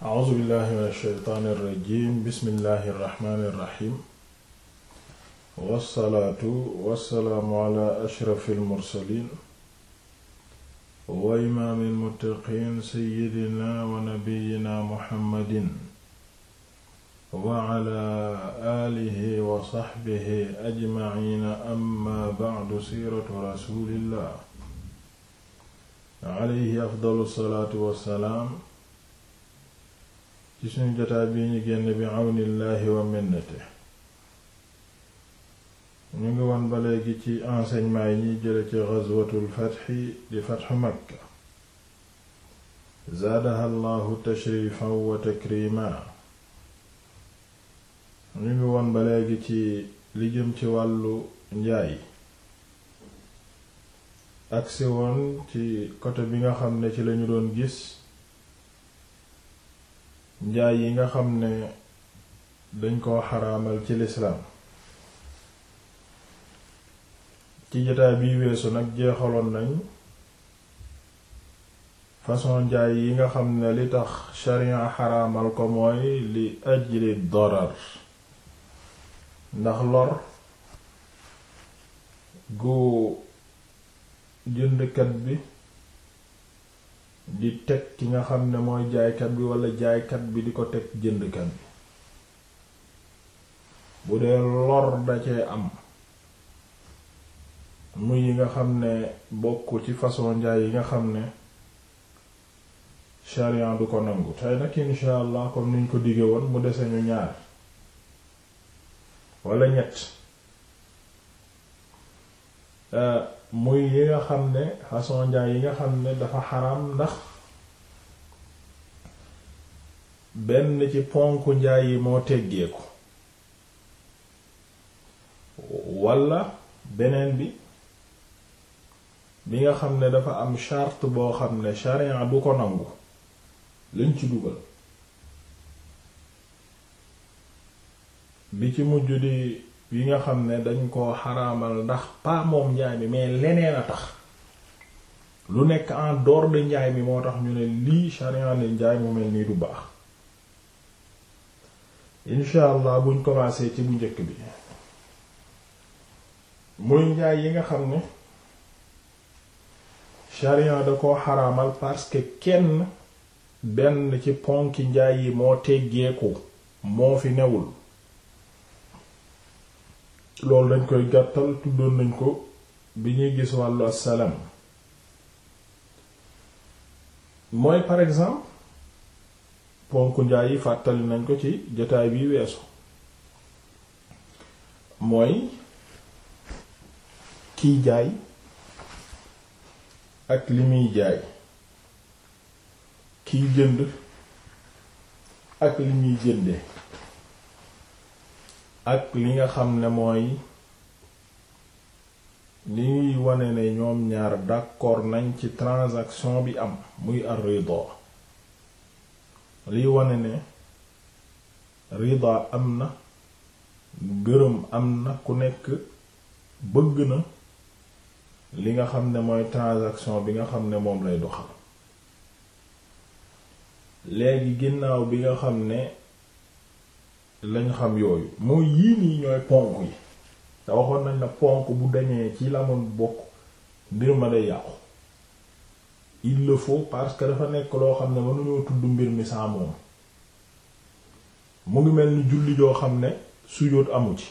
a'uuzu billahi min ash-shaytaani irrajim bismillahi irrahmani irrahim wassalaatu wassalaamu ala ashrafi almursalin wa imaami almuttaqiin sayyidina wa nabiyyina muhammadin wa ala alihi wa sahbihi ajmaciina amma bacdu siiratu rasulillah alayhi afdalu salaatu wassalaam ci suñu jotaa bii ñu génn bi àwnillaahi wa minnati ñu ngi woon ba léegi ci enseignement yi ñuy jële ci ghazwatul fatxi di fatxu makka zaadaha allahu tashrifan wa takrima ñu ngi woon ba léegi ci li ci wàllu njaay agsi woon ci côté bi nga xam ne ci lañu doon gis njaay yi nga xam ne dañ koo xaraamal ci lislaam ci jotaay bi weesu nag jeexaloon nañ façon njaay yi nga xam ne li tax sharia xaraamal ko mooy li ajli darar ndax lor gu jëndkat bi di teg ki nga xam ne mooy jaaykat bi walla jaaykat bi di ko teg jëndkat bi bu dee lor da cee am muy yi nga xam ne bokk ci façon njaay yi nga xam ne charian du ko nangu tey nag insha allah comme niñ ko digge woon mu dese ñu ñaar walla ñett euh, muy yi nga xam ne façon njaay yi nga xam ne dafa xaram ndax benn ci ponk njaay yi moo teggeeku walla beneen bi bi nga xam ne dafa am chart boo xam ne charia du ko nangu lañ ci dugal bi ci mujj di yi nga xam ne dañ koo xaramal ndax pas moom njaay mi mais leneen a tax lu nekk en dehors de njaay mi moo tax ñu ne lii sharia ne njaay mu mel nii du baax incha allah buñ commencé ci bu njëkk bi muy njaay yi nga xam ne sharia da koo xaramal parce que kenn benn ci ponk njaay yi moo teggeeku moo fi newul loolu dañ koy gàttal tuddoon nañ ko bi ñuy gis wàllu selem mooy par exemple ponku njaay yi fàttali nañ ko ci jotaay bi weesu mooy kiy jaay ak li muy jaay kiy jënd ak li muy jëndee ak li nga xam ne mooy li ñuy wane ne ñoom ñaar d'accord nañ ci transaction bi am muy ar-rida liy wane ne rida am na gërëm am na ku nekk bëgg na li nga xam ne mooy transaction bi nga xam ne moom lay doxal léegi ginnaaw bi nga xam ne lañ xam yooyu mooy yii nii ñooy ponk yi te waxoon nañ la ponk bu dañee ci lamun bokk mbir ma day yàqu il faut parce que dafa nekk loo xam ne mënuñoo tudd mbir mi sans moom mu ngi mel ni julli joo xam ne sujóot amu ci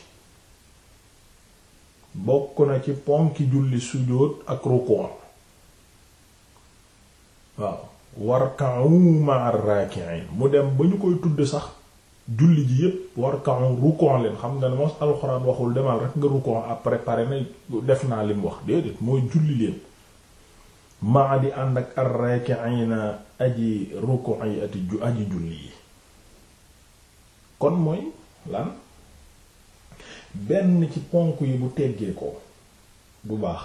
bokk na ci ponki julli sujóot ak rukkoo waaw warka'u ma'ar raaki'in mu dem ba ñu koy tudd sax julli ji yépp war kawoon rukoon leen xam nga ne mos alxuraan waxul demal rek nga rukoon après pare na def naa lim wax déedéet mooy julli leen maa di ànd ak ar aji rukoon yi ati ju aji julli yi kon mooy lan benn ci ponk yi bu teggee ko bu baax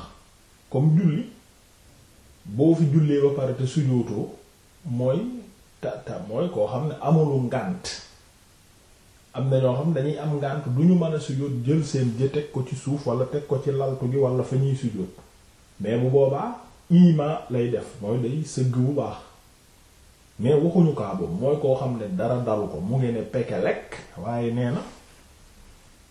comme julli boo fi jullee ba pare te sujootoo mooy ta ta mooy koo xam ne amulu ngànt am na ñoo xam dañuy am ngànt du ñu mën a sujjóot jël seen jë teg ko ci suuf wala teg ko ci laltu gi wala fa ñuy sujjóot mais bu boobaa ima lay def mooy day sëgg bu baax mais waxuñu kaa mooy koo xam ne dara dalu ko mu ngi ne peke lekk waaye nee na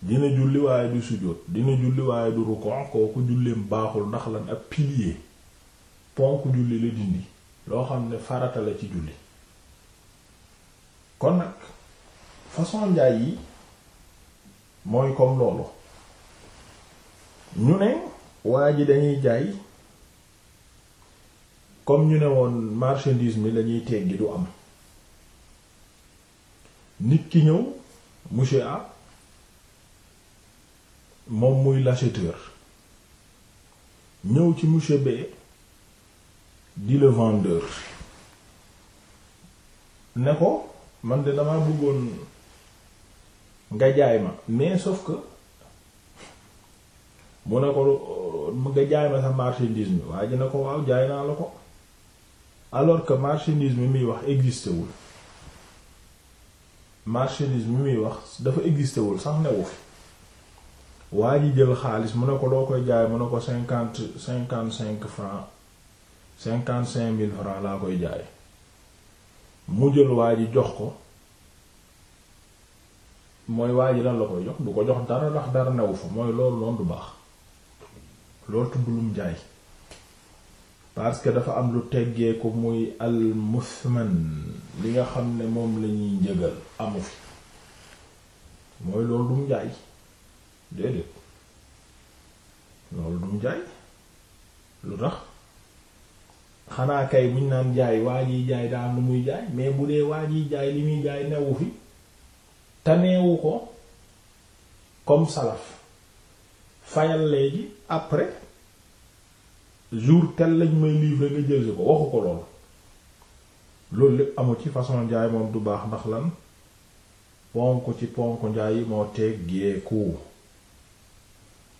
dina julli waaye du sujjóot dina julli waaye du rukkoo kooku julleem baaxul ndax lan ak pilier ponk julli la dindi loo xam ne farata la ci julli kon nag façon njaay yi mooy comme loolu ñu ne waa ji dañuy jaay comme ñu ne woon marchandise mi lañuy teggi du am nit ki ñëw monsieur A moom muy l'acheteur ñëw ci monsieur B di le vendeur ne ko man de dama bëggoon nga jaay ma mais sauf que mu ne ko nga jaay ma sa marchandise waaye ji ne ko waaw jaay naa la ko alors que marchandise mi muy wax existé wul marchandise mi muy wax dafa existé wul sax newu fi waa ji jël xaalis mu ne ko loo koy jaay mu ne ko cinquante cinquante cinq francs cinquante cinq mille francs laa koy jaay mu jël waa ji jox ko mooy waa ji lan la koy jox du ko jox dara ndax dara newu fa mooy loolu noonu du baax loolu tudd lum jaay parce que dafa am lu teggee ko muy al li nga xam ne moom lañuy njëgal amu fi mooy loolu dum jaay déedéet loolu dum jaay lu tax xanaa kay buñ naan jaay waa jiy jaay daa lu muy jaay mais bu dee waa jiy jaay li muy jaay newu fi taneewu ko comme salaf fayal léegi après jour tel lañ may livrer nga jël si ko waxu ko lool loolu lépp amu ci façon njaay moom du baax ndax lan ponk ci ponk njaay yi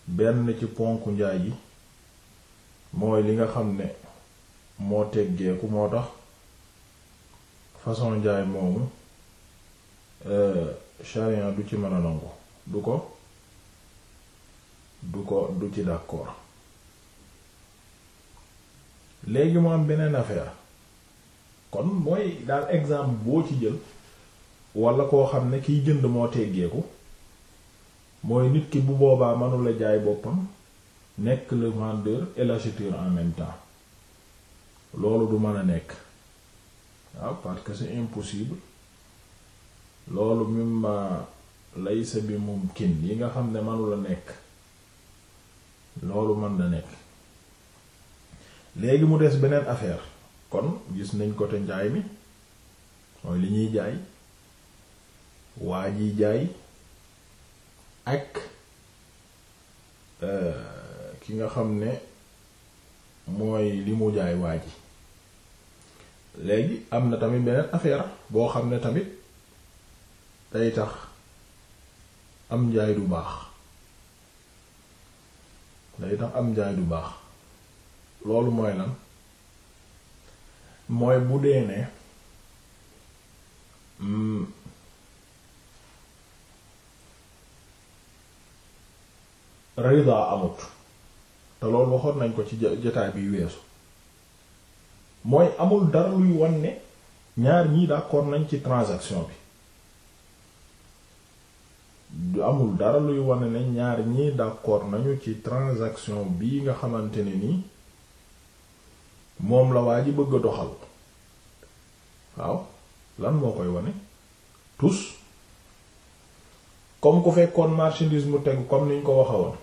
benn ci ponk njaay yi mooy li nga xam ne moo teggeeku moo tax façon njaay moomu euh, sharia du ci mën a nangu du ko du ko du ci d'accord léegi mu beneen affaire kon mooy daal exemple boo ci jël wala koo xam ne kiy jënd moo teggeeku mooy nit ki bu boobaa manula jaay boppam nekk le vendeur et l'acheteur en même temps loolu du mën a nekk waaw parce que c'est impossible loolu mimma laysa bi mumkin yi nga xam ne manula nekk loolu man na nekk léegi mu des beneen affaire kon gis nañ côté njaay mi mooy li ñuy jaay waa jiy jaay ak euh, ki nga xam ne mooy li mu jaay waa léegi am na tamit beneen affaire boo xam ne tamit day tax am njaay du baax day tax am njaay du baax loolu mooy lan mooy bu dee ne mm, rida amut te loolu waxoon nañ ko ci jotaay bi weesu mooy amul dara luy wan ne ñaar ñii d'accord nañ ci transaction bi du amul dara luy wane ne ñaar ñii d'accord nañu ci transaction bii nga xamante ne nii moom la waa ji bëgg a doxal waaw lan moo koy wane tous comme ku fekkoon marchandise mu tegu comme niñ ko waxa woon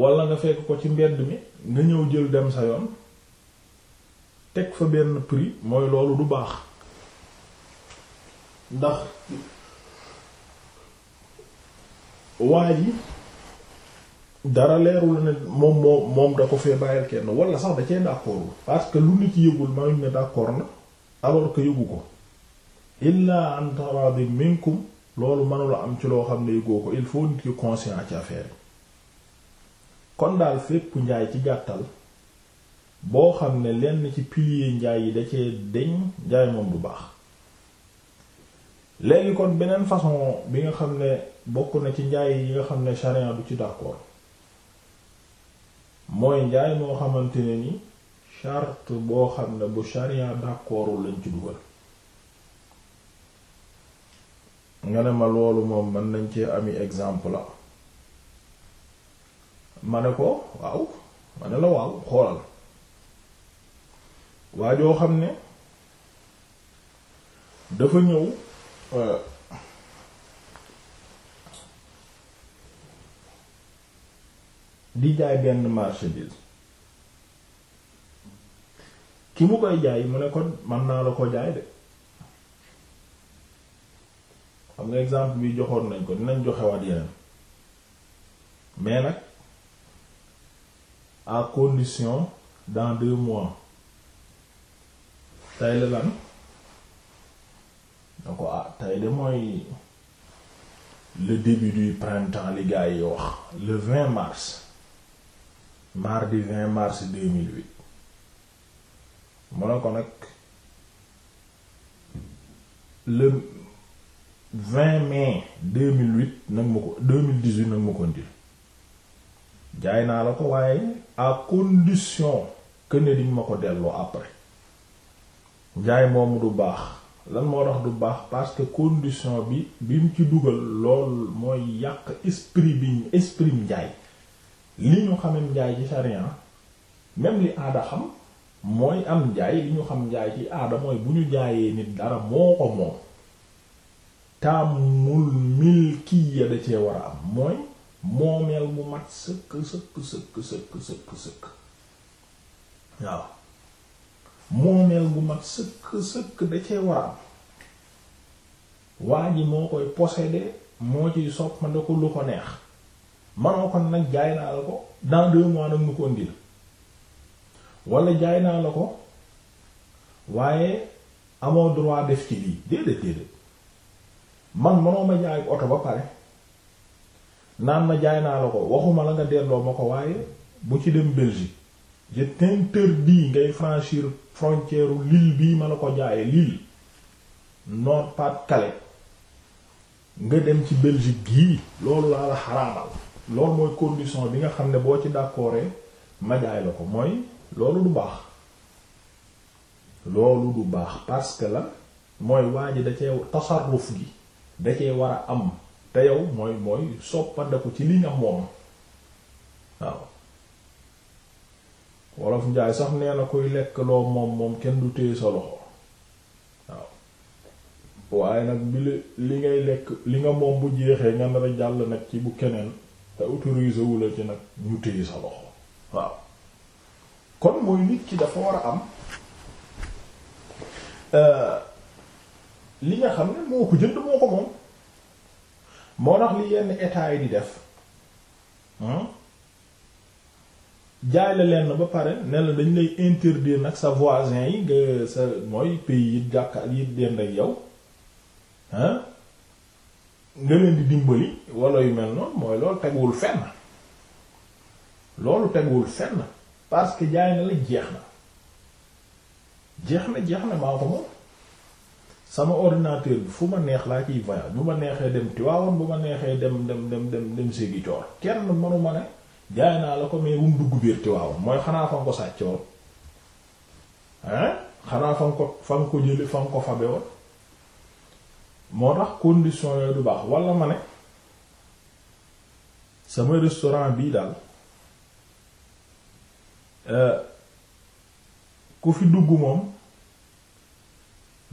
walla nga fekk ko ci mbedd mi nga ñëw jël dem sa yoon teg fa benn prix mooy loolu du baax ndax waa ji dara leerul ne moom moo moom da ko fee kenn wala sax da cee d'accord parce que lu nit yëgul manuñ ne d'accord na alors que yëgu ko illa an taradi minkum loolu manula am ci loo xam ne yëgoo ko il faut nit ki conscient ci affaire kon daal fépp njaay ci gàttal boo xam ne lenn ci pilier njaay yi da cee deñ njaay moom bu baax léegi kon beneen façon bi nga xam ne bokk na ci njaay yi nga xam ne sharia du ci d'accord mooy njaay moo xamante ne ni charte boo xam ne bu sharia d'accordul lañ ci dugal nga ne ma loolu moom mën nañ cee ami exemple la ma ne ko waaw ma ne la waaw xoolal waa joo xam ne dafa ñëw Euh. di jaay benn marchandise ki mu koy jaay mu ne ko man naa la ko jaay de xam nga exemple bi joxoon nañ ko dinañ joxewaat yeneen mais nag à condition dans deux mois tey la ko ah tey de mooy le début du printemps li gaa yi wax le 20 mars mardi 20 mars 2008 mu ne ko nag le 20 mai 2008 nag ma ko 2018 nag ma ko ndil jaay naa la ko waaye à condition que ne diñ ma ko delloo après jaay moomu du baax lan moo tax du baax parce que condition bi bi mu ci dugal lool mooy yàq esprit bi esprit njaay li ñu xamee njaay ci sharia même li aada xam mooy am njaay li ñu xam njaay ci aada mooy bu ñu jaayee nit dara moo ko moom taamul milkiya da cee war a am mooy moomeel mu mat sëkk sëkk sëkk sëkk sëkk waaw moomeel bu mag sëkk sëkk da cee waram waa ji moo koy posséder moo ciy sopp man da ko lu ko neex manoo kon nag jaay naa la ko dans deux mois nag nu ko ëndi la wala jaay naa la ko waaye amoo droit def ci lii déedéet déedéet man manoo ma jaay oto ba pare naan ma jaay naa la ko waxuma la nga delloo ma ko waaye bu ci dem Belgique je t'interdis ngay franchir frontière l'île bii ma la ko jaaye l'île nord pas de nga dem ci Belgique gii loolu laa la xaraamal loolu mooy condition bi nga xam ne boo ci d'accordee ma jaay la ko mooy loolu du baax loolu du baax parce la mooy waa ji da cee tasarruf gi da cee war a am te yow mooy mooy soppandeku ci li nga moom waaw wolof njaay sax nee na kuy lekk loo moom moom kenn du téye sa loxo waaw waaye nag bi li li ngay lekk li nga moom bu jeexee nga nar a jàll nag ci bu keneen te autorisé wu la ci nag ñu téye sa loxo waaw kon mooy nit ki dafa war a am euh, li nga xam ne moo ko jënd moo ko moom moo tax li yenn état di def. Hmm? jaay la na ba pare ne la dañ lay interdire nag sa voisin yi nga sa mooy pays yi jàkka yi dend yow hein nga leen di dimbali wala yu mel noonu mooy loolu teguwul fen loolu teguwul fenn parce que jaay na la jeex na jeex na jeex na maa ko moom sama ordinateur bi fu ma neex laa ciy voyage bu ma neexee dem Tivaouane bu ma neexee dem dem dem dem dem Ziguinchor kenn mënuma ma ne jaay naa la ko mais wum dugg biir Tiwaawan mooy xanaa fa nga ko sàcc woon hein xanaa fa ko fa nga ko jële fa ko fabe woon moo tax condition yooyu du baax walla ma ne sama restaurant bii daal euh, ku fi dugg moom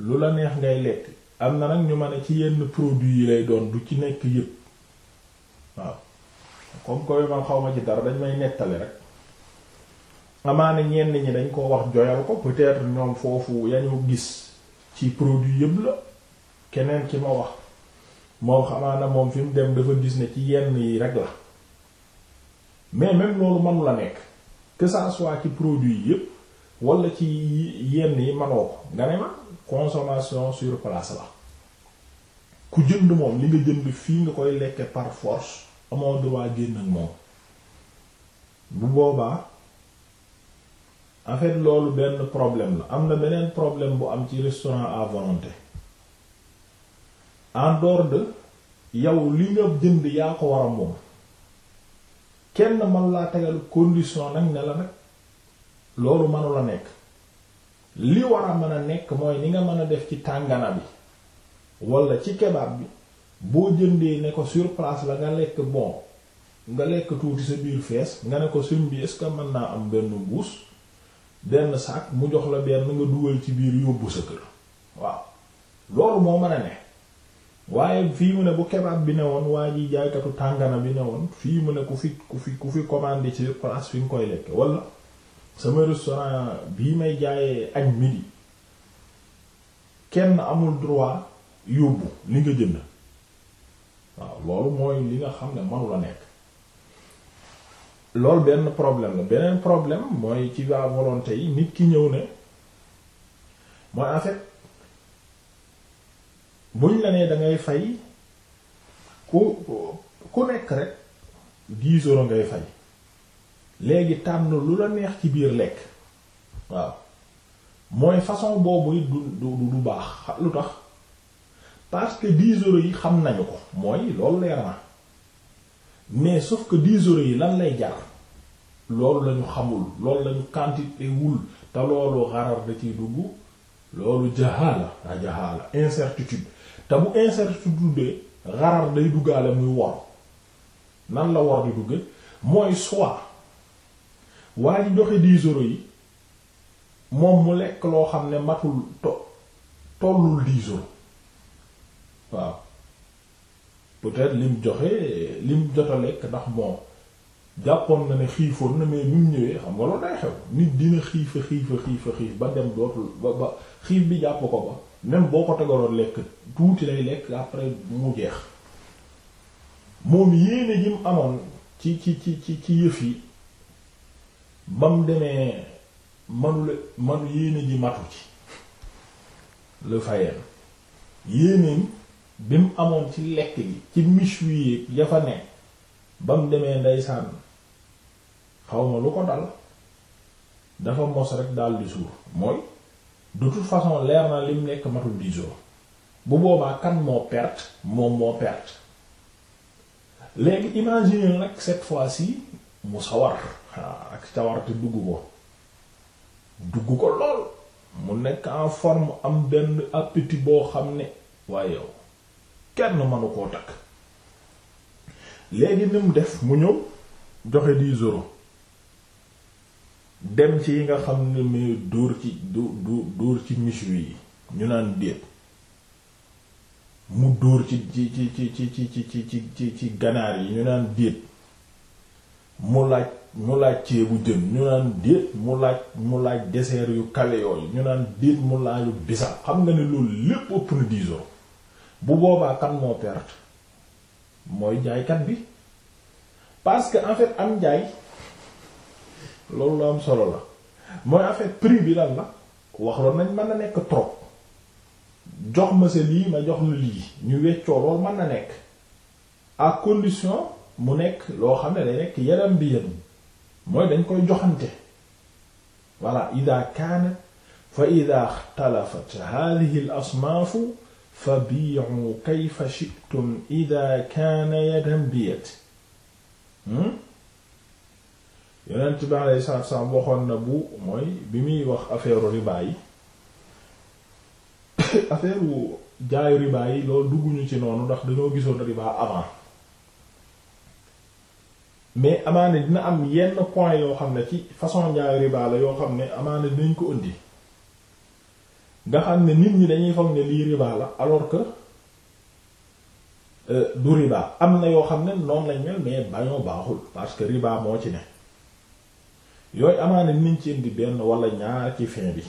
lu la neex ngay lekk am na nag ñu ma ne ci yenn produits yi lay doon du ci nekk yépp waaw comme que man xaw ma ci dara dañ may nettali rek amaana ñenn ñi dañ koo wax joyal ko peut-être ñoom foofu yañu gis ci produit yëpp la keneen ki ma wax moom xamaana moom fi dem dafa gis ne ci yenn yi rek la mais même loolu manu la nekk que ça soit ci produit yëpp walla ci yenn yi manoo ko nga ne ma consommation sur place la ku jënd moom li nga jënd fii nga koy lekke par force amoo droit génn ak moom bu boobaa en loolu benn problème la am na beneen problème bu am ci restaurant à volonté en dehors de yow li nga jënd yaa ko war a moom kenn man laa tegal condition nag ne la nag loolu manula nekk li war a mën a nekk mooy ni nga mën a def ci tàngana bi wala ci kebab bi boo jëndee ne ko sur place la nga lekk bon nga lekk tuuti sa biir fees nga ne ko suñ bi est ce que mën naa am benn mbuus benn sac mu jox la benn nga dugal ci biir yóbbu sa kër waaw loolu moo mën a ne waaye fii mu ne bu kebab bi ne woon waa ji jaaykatu tàngana bi ne woon fii mu ne ku fi ku fi ku fi commandé ci place fi nga koy lekk wala sama restaurant bii may jaayee añ midi kenn amul droit yóbbu li nga jënd waaw loolu mooy li nga xam ne manu la nekk loolu benn problème la beneen problème mooy ci waa volonté yi nit ki ñëw ne mooy en fait buñ la nee da fay ku ku nekk rek dix euros ngay fay léegi tànn lu la neex ci biir lekk waaw mooy façon boobu du du du baax lu tax. parce que 10 euros yi xam nañu ko mooy loolu leer na mais sauf que 10 yi lan lay jar loolu lañu xamul loolu lañu quantité wul te loolu xarar da ciy dugg loolu jahaala a jahaala incertitude te bu incertitude xarar day duggaale muy wor nan la wor di dugge mooy soit waa ji joxe 10 yi moom mu lekk loo xam ne matul to tollul 10 waaw peut-être lim joxe lim jot a lekk ndax moom jàppoon na ne xiifoon na mais bi mu ñëwee xam nga loolu day xew nit dina xiifa xiifa xiifa xiif ba dem dootul ba ba xiif bi jàpp ko ba même boo ko tegaloon lekk tuuti lay lekk après mu jeex moom yéene ji mu amoon ci ci ci ci ci yëf yi ba mu demee manula manu yéene ji matu ci le fayeen yéeneen bi mu amoon ci lekk gi ci miche ya fa ne ba mu demee ndeysaan xaw ma lu ko dal dafa mos rek dal di suur mooy de toute façon leer na lim nekk matul dix bu boobaa kan moo perte moom moo perte léegi imagine nag cette fois-ci mu sawar ah ak cawarte dugg ko dugg ko lool mu nekk en forme am benn appétit boo xam ne waaye yow kenn mënu koo takk léegi ni mu def mu ñëw joxe 10 dem ci yi nga xam ne mais dóor ci dóor dóor ci michu yi ñu naan déet mu dóor ci ci ci ci ci ci ci ci ci ganaar yi ñu naan déet mu laaj mu laaj ceebu jën ñu naan déet mu laaj mu laaj dessert yu kale yooyu ñu naan déet mu laaju bisab xam nga ne loolu lépp ëpp na 10 bu boobaa kan moo perte mooy jaaykat bi parce que en fait am jaay loolu la am solo la mooy en fait prix bi lan la waxoon nañ mën na nekk trop jox ma sa lii ma jox la lii ñu weccoo loolu mën na nekk à condition mu nekk loo xam ne day nekk yaram bi yaram mooy dañ koy joxante voilà ida kaana fa ida ixtalafat hadhihi al asnaafu fabi'u kayfa shi'tum idha kaana yadan biyad yonent bi alayhi salaatu wasalaam waxoon na bu mooy bi muy wax affaire riba yi affaire jaayu riba yi loolu dugguñu ci noonu ndax dañoo gisoon riba avant mais amaana dina am yenn point yoo xam ne ci façon jaayu riba la yoo xam ne amaana dinañ ko indi nga xam ne nit ñi dañuy foog ne lii riba la alors que euh, du riba am na yoo xam ne noonu lañ mel mais bañoo baaxul parce que riba moo ci ne yooyu amaana niñ ci indi benn wala ñaar ci fin bi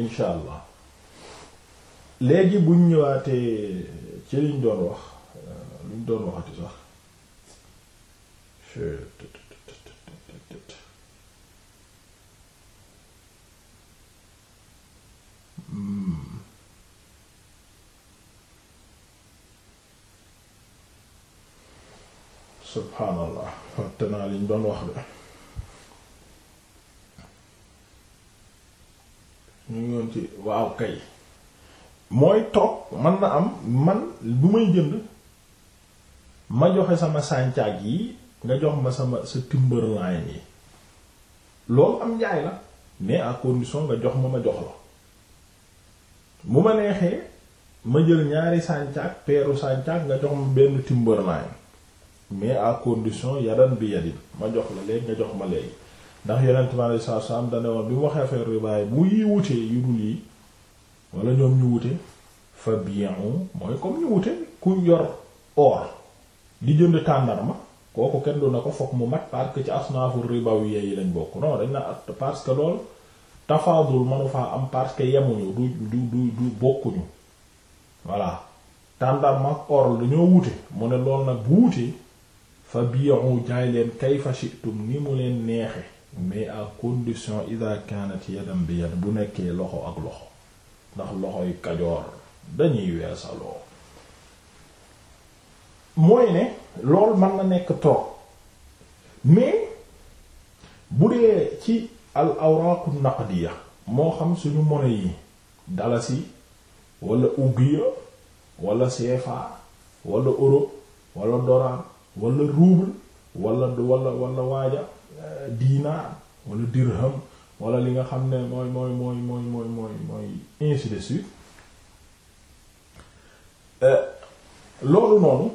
incha allah léegi buñ ñëwaatee ci liñ doon wax euh, luñ doon waxati sax subhaanallah fàtte naa liñ doon wax de ñu ngi ci waaw kay mooy toog man na am man bu may jënd ma joxe sama sàncaag yi nga jox ma sama sa timberline yi loolu am njaay la mais à condition nga jox ma ma jox la bu ma neexee ma jël ñaari sàncaak peru sàncaak nga jox ma benn timbërnaañ mais à condition yadan bi yadin ma jox la léegi nga jox ma léegi ndax yonent mi alei satu salaam dane woon bi mu waxee affaire ribaay bu yi wutee yu dul yi wala ñoom ñu wute fabien mooy comme ñu wute ku yor or di jënd tàndarma kooku kenn du na ko foog mu mat parce que ci asnaafu ribaw yi lañ bokk non dañ na parce que lool tafaadul manu faa am parce que yemuñu du du du du bokkuñu voilà tàndar mag or dañoo wute mu ne lool nag bu wute fa bi'u jaay leen kayfa shi'tum ni mu leen neexe mais à condition idha kanat yadan bi yad bu nekkee loxo ak loxo ndax loxoy kajoor dañuy weesaloo mooy ne lool mën na nekk toog mais bu dee ci al awraaqu naqdiya moo xam suñu monnaie yi dalasi wala ouguiya wala CFA wala euro walla dollar wala rouble wala wala wala waaja euh, diinaar wala dirham wala li nga xam ne mooy mooy mooy mooy mooy mooy mooy ainsi de suite euh, loolu noonu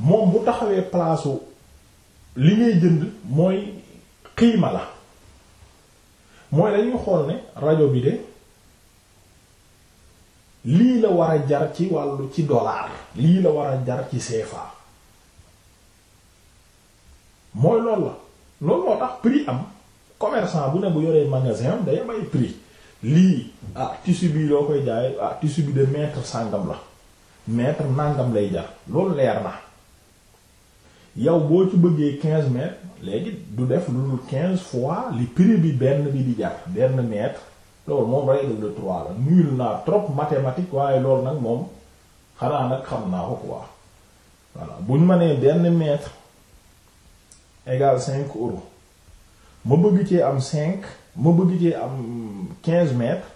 moom bu taxawee palaasu li ngay jënd mooy xiima la mooy dañuy xool ne rajo bi de lii la war a jar ci wàllu ci dollar lii la war a jar ci CFA mooy loolu la loolu moo tax prix am commerçant bu ne bu yoree magasin am day am ay lii ah tissu bi loo koy jaay ah tissu bi de mètre sàngam la mètre nàngam lay jar loolu leer na yow boo ci bëggee quinze mètres léegi du def lu dul quinze fois li prix bi benn bi di jar benn mètre loolu moom règle de trois la nul naa trop mathématique waaye loolu nag moom xanaa nag xam naa ko quoi voilà buñ ma nee benn mètre égal cinq euros ma bëgg ci am cinq ma bëgg cee am quinze mètres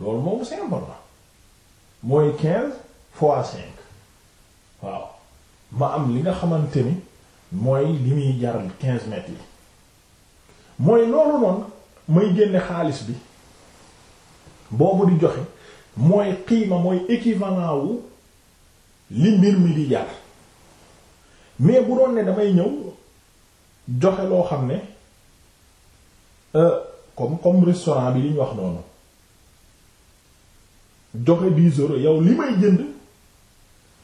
loolu moom simple la mooy quinze fois cinq waaw ma am li nga xamante ni mooy li muy jaral quinze mètres yi mooy loolu noonu may génne xaalis bi boobu di joxe mooy xiima mooy équivalent wu li mbir mi di jar mais bu doon ne damay ñëw joxe loo xam ne euh, comme comme restaurant bi li ñu wax noonu joxe dix yow li may jënd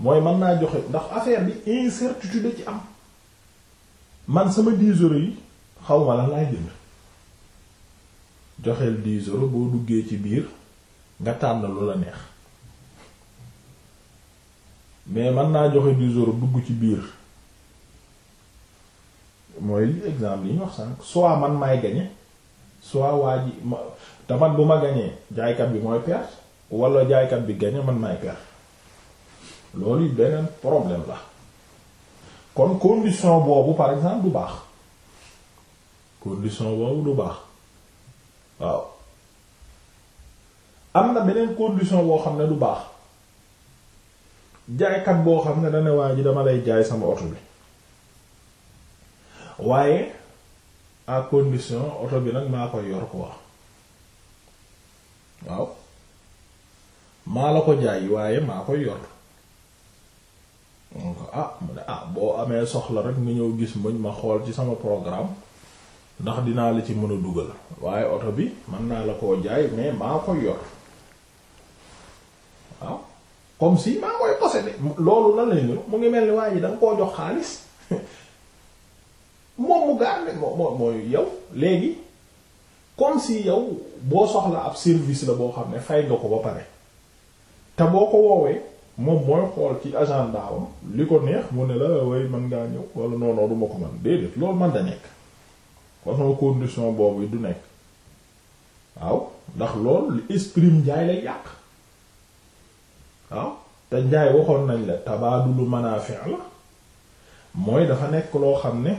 mooy man naa joxe ndax affaire bi incertitude ci am man sama 10 euros yi xaw ma la laay jënd joxeel 10 boo duggee ci biir nga tànn lu la neex mais mën naa joxe 10 euros dugg ci biir mooy li exemple yi ñu wax sànq soit man maay gañe soit waa ji ma te man bu ma gañee jaaykat bi mooy perte wala jaaykat bi gañe man maay perte. loolu it beneen problème la kon condition boobu par exemple du baax condition boobu du baax waaw am na beneen condition boo xam ne du baax jaaykat boo xam ne dana waa ji dama lay jaay sama oto bi waaye à condition oto bi nag maa koy yor ko wax waaw maa la ko jaay waaye maa koy yor mun ko ah mu ne ah boo amee soxla rek nga ñëw gis muñ ma xool ci sama programme ndax dinaa la ci mën a dugal waaye oto bi mën naa la koo jaay mais maa koy yor waaw comme si maa koy posséder loolu la lay mu ngi mel ni waa ji da koo jox xaalis moom mu gaarne moo moo mooy yow léegi comme si yow boo soxla ab service la boo xam ne fay nga ko ba pare te boo ko woowee moom mooy xool ci agenda am li ko neex mu ne la way mën ngaa ñëw wala noonoo duma ko man déedéet loolu man da nekk kon condition boobu du nekk waaw ndax lool li esprit njaay lay yàq waaw te njaay waxoon nañ la lu man a manaafi la mooy dafa nekk loo xam ne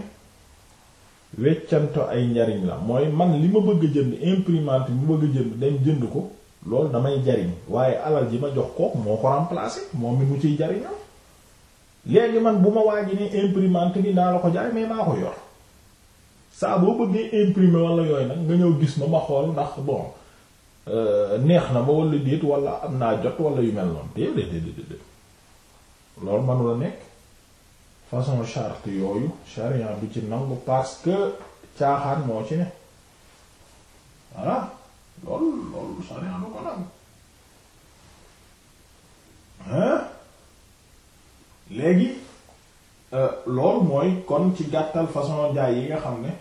weccanto ay njariñ la mooy man li ma bëgg a jënd imprimante bi ma bëgg a jënd dem jënd ko loolu damay jariñ waaye alal ji ma jox kook moo ko remplacer moom mi mu ciy jariñoo léegi man bu ma waaj ne imprimante bi naa la ko jaay mais maa ko yor saa boo bëggee imprimer wala yooyu nag nga ñëw gis ma ma xool ndax bon euh, neex na ma wala déet wala am naa jot wala yu mel noonu déedéet déedéet loolu manu nekk façon charte yooyu charia bi ci nangu parce que caaxaan moo ci ne voilà loolu loolu sariya du ko nangu hein léegi euh, loolu mooy kon ci gàttal façon jaay yi nga xam ne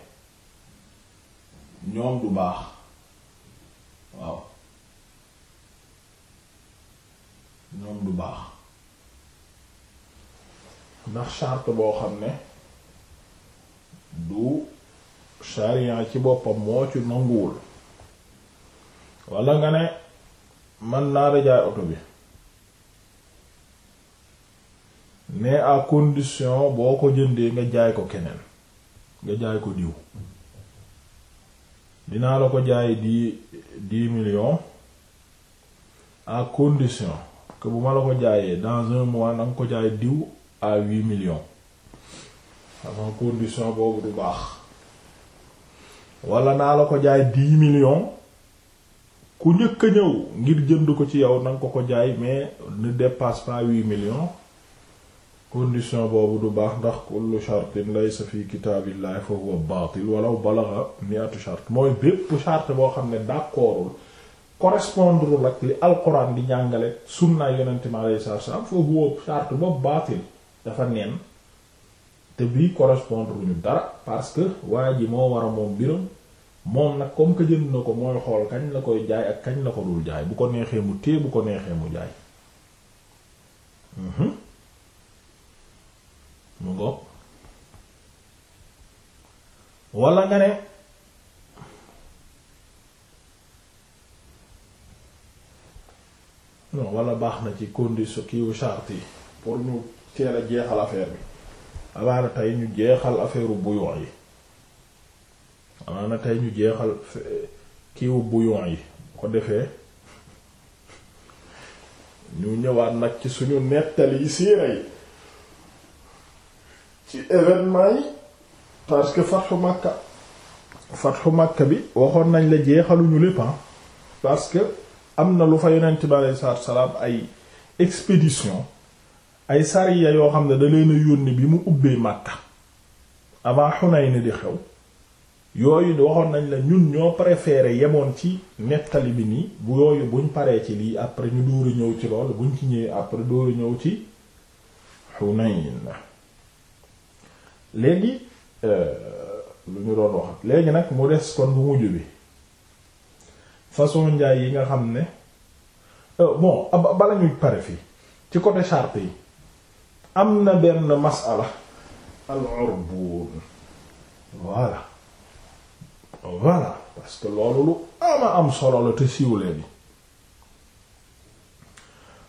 ñoom du baax waaw ñoom du baax ndax charte boo xam ne du sharia ci boppam moo ci nanguwul wala nga ne man naa la jaay oto bi mais à condition boo ko jëndee nga jaay ko keneen nga jaay ko diw dinaa la ko jaay di dix millions à condition que bu ma la ko jaayee dans un mois na ko jaay diw à huit millions avant condition boobu du baax wala naa la ko jaay dix million ku njëkk a ñëw ngir jënd ko ci yow nanga ko ko jaay mais ne dépasse pas huit million condition boobu du baax ndax kullu shartin laysa fi kitaabillahi fa huwa baatil walaw balagha mi'atu shart mooy bépp charte boo xam ne d'accordul correspondre ak li alquran di jàngale sunna yonente mi alayhi salaatu salaam fa huwa boobu baatil dafa neen te bii correspondre ñu dara parce que waa ji moo war moom biram moom nag comme que jënd ko mooy xool kañ la koy jaay ak kañ la ko dul jaay bu ko neexee mu téye bu ko neexee mu jaay mhm. mu ngoog walla nga ne walla baax na ci condition kiiwu charte pour ñu teel a jeexal affaire bi amaana tey ñu jeexal affaire buyoon yi amaana tey ñu jeexal kiiwu bouillon yi ko defee ñu ñëwaat nag ci suñu nettali yi siira yi ci événement yi parce que fatxu Makka fatxu Makka bi waxoon nañ la jeexaluñu lépp ah, parce que am na lu fa yonent bi alei ay expédition ay sariya yoo xam ne da leen yónni bi mu ubbee Makka avant Hunayn di xew yooyu waxoon nañ la ñun ñoo préféré yemoon ci nettali bi nii bu yooyu buñ paree ci lii après ñu dóori ñëw ci lool buñ ci ñëwee après dóori ñëw ci Hunayn léegi euh, lu ñu doon wax léegi nag mu des kon bu mujj bi façon njaay yi nga xam ne euh, bon bala ñuy pare fii ci côté charte yi am na benn masala al-urbun voilà voilà parce que loolu lu ama am solo la te siiwlee bi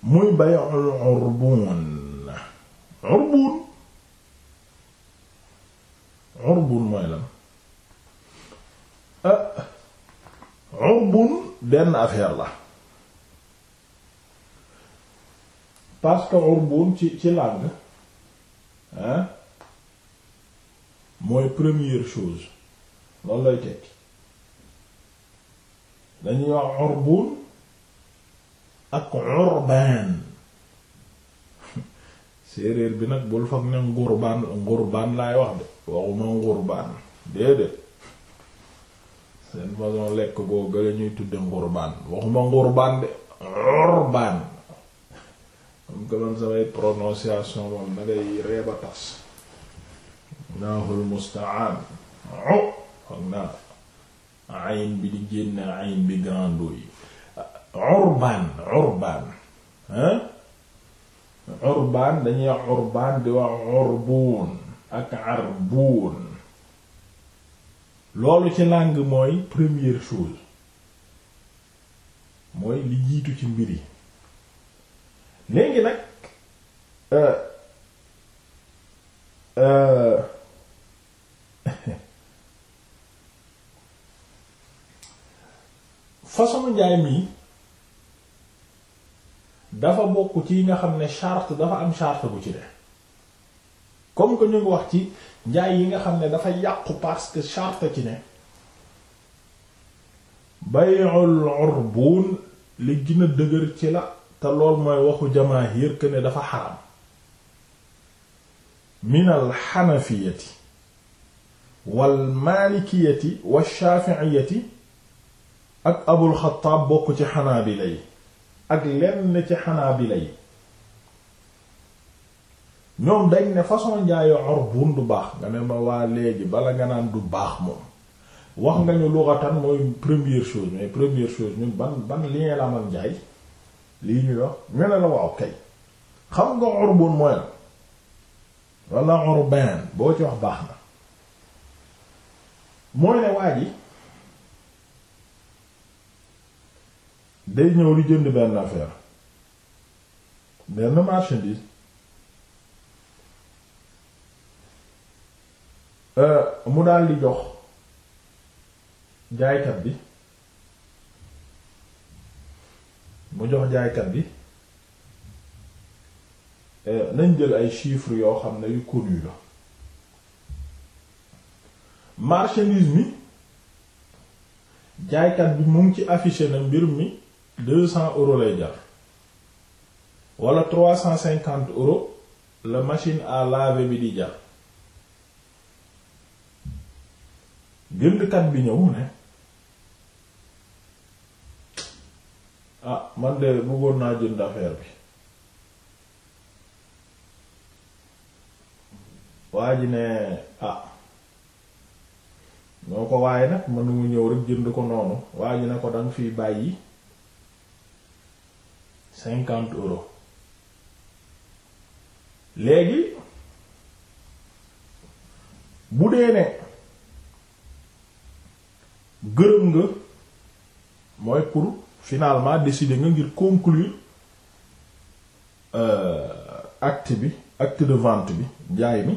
muy bay'ul urbun urbun mooy lan ah urbun benn affaire la parce que urbun ci ci langue hein mooy première chose loolu lay tekki dañuy wax urbuun ak urbaan séeréer bi nag bul fag ne ngurbaan ngurbaan laay wax de waxuma ngurbaan déedéet seen façon lekk googu la ñuy tudde ngurbaan waxuma ngurbaan de urbaan am ko man samay prononciation moom na ngay reeba tas naahul musta'an foog naa ayn bi di génne ayn bi grando yi urbaan urbaan hein urbaan dañuy urbaan di wax urbuun ak arbuun loolu ci langue mooy première chose mooy li jiitu ci mbir yi léegi nag euh, euh, façon njaay mii dafa bokk ci yi nga xam ne charte dafa am charte bu ci ne comme que ñu ngi wax ci njaay yi nga xam ne dafa yàqu parce que charte ci ne bay'ul urbun li gën dëgër ci la te lool mooy waxu jamaahir que ne dafa xaram min al xanafiyati wal maalikiyati wal shaafi'iyati ak abul xattaab bokk ci xanaabila yi ak lenn ci xanaabila yi ñoom dañ ne façon njaayo orbun du baax nga ne ma waa léegi bala nga naan du baax moom wax nga ñu lughatan mooy première chose mais première chose ñun ban ban lien la amal njaay lii ñuy wax ñu ne la waaw kay xam nga orbun mooy la wala urban boo ci wax baax na mooy ne waa ji day ñëw di jënd benn affaire benn marchandise euh, mu daal jox jaaykat bi mu jox jaaykat bi euh, nañ jël ay chiffres yoo xam ne yu connu la marchandise mi jaaykat bi mu ngi ci affiché na mbir mi deux cents euros lay jar wala trois cent cinquante euros la machine à laver bi di jar jëndkat bi ñëw ne ah man de bëggoon naa jënd affaire bi waa ne ah ñoo ko waaye nag mënu ñëw rek jënd ko noonu waa ji ne ko danga fiy bàyyi cinquante euros léegi bu dee ne gërëm nga mooy pour finalement décider nga ngir conclure euh, acte bi acte de vente bi jaay mi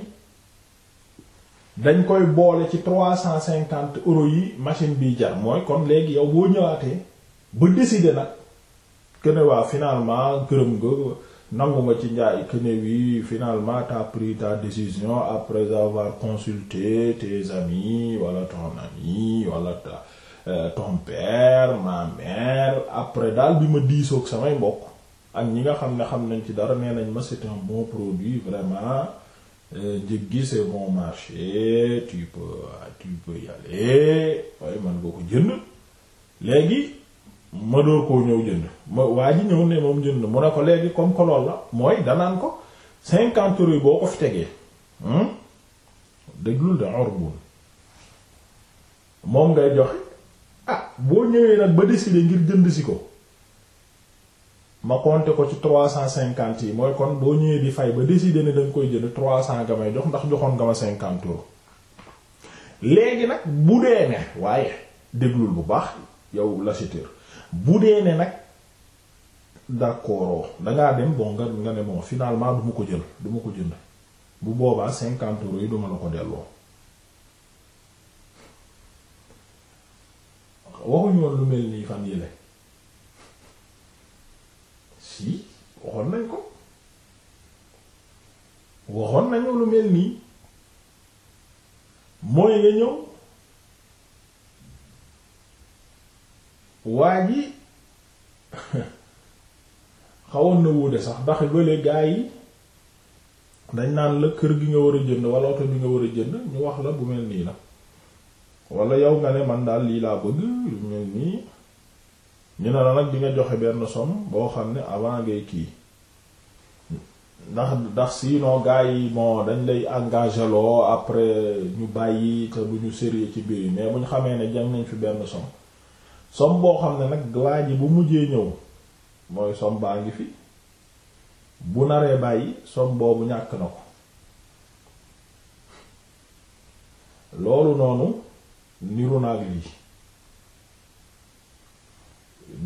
dañ koy boole ci trois cent cinquante euro yi machine bi jar mooy kon léegi yow boo ñëwaatee ba décider nag kene waa finalement gërëm nga nangu nga ci njaay kene wi finalement t'as pris ta décision après avoir consulté tes amis wala ton ami wala euh, ton père ma après daal bi ma diisoog samay mbokk ak ñi nga xam ne xam nañ ci dara nee nañ ma c'est un bon produit vraiment njëg euh, gi c'est bon marché tu peux tu waaye man nga ko jënd léegi ma doo koo ñëw jënd ma waa ji ñëw ne moom jënd mu ne ko léegi comme que lool la mooy danaan ko cinquante euros boo ko fi tegee hmm? déglul da orbun moom ngay joxe ah boo ñëwee nag ba décider ngir jënd si ko ma compter ko ci trois cent cinquante yi mooy kon boo ñëwee di fay ba décider ne danga koy jënd trois cent nga may jox ndax joxoon nga ma cinquante euros léegi nag bu dee ne waaye déglul bu baax yow la si bu dee ne nag d'accord dangaa dem bon nga nga ne bon finalement du ko jël duma ko jënd bu boobaa cinquante euros yi duma la ko delloo waxuñu woon lu mel nii fan yële si waxoon nañ ko waxoon nañu lu mel nii mooy nga ñëw waa ji xawoon na wuude sax ndax bële gaa yi dañ naan la kër gi nga war a jënd wala oto bi nga war a jënd ñu wax la bu mel nii la wala yow nga ne man daal lii laa bëgg mel nii ñu ne la nag di nga joxe benn somme boo xam ne avant ngay kii ndax ndax sinon gaa yi moo dañ lay engagé loo après ñu bàyyi te bu ñu sérieux ci biir yi mais bu ñu xamee ne jàng nañ fi benn somme. som boo xam ne nag waa ji bu mujjee ñëw mooy som baa ngi fi bu naree bàyyi som boobu ñàkk na ko loolu noonu niru naag lii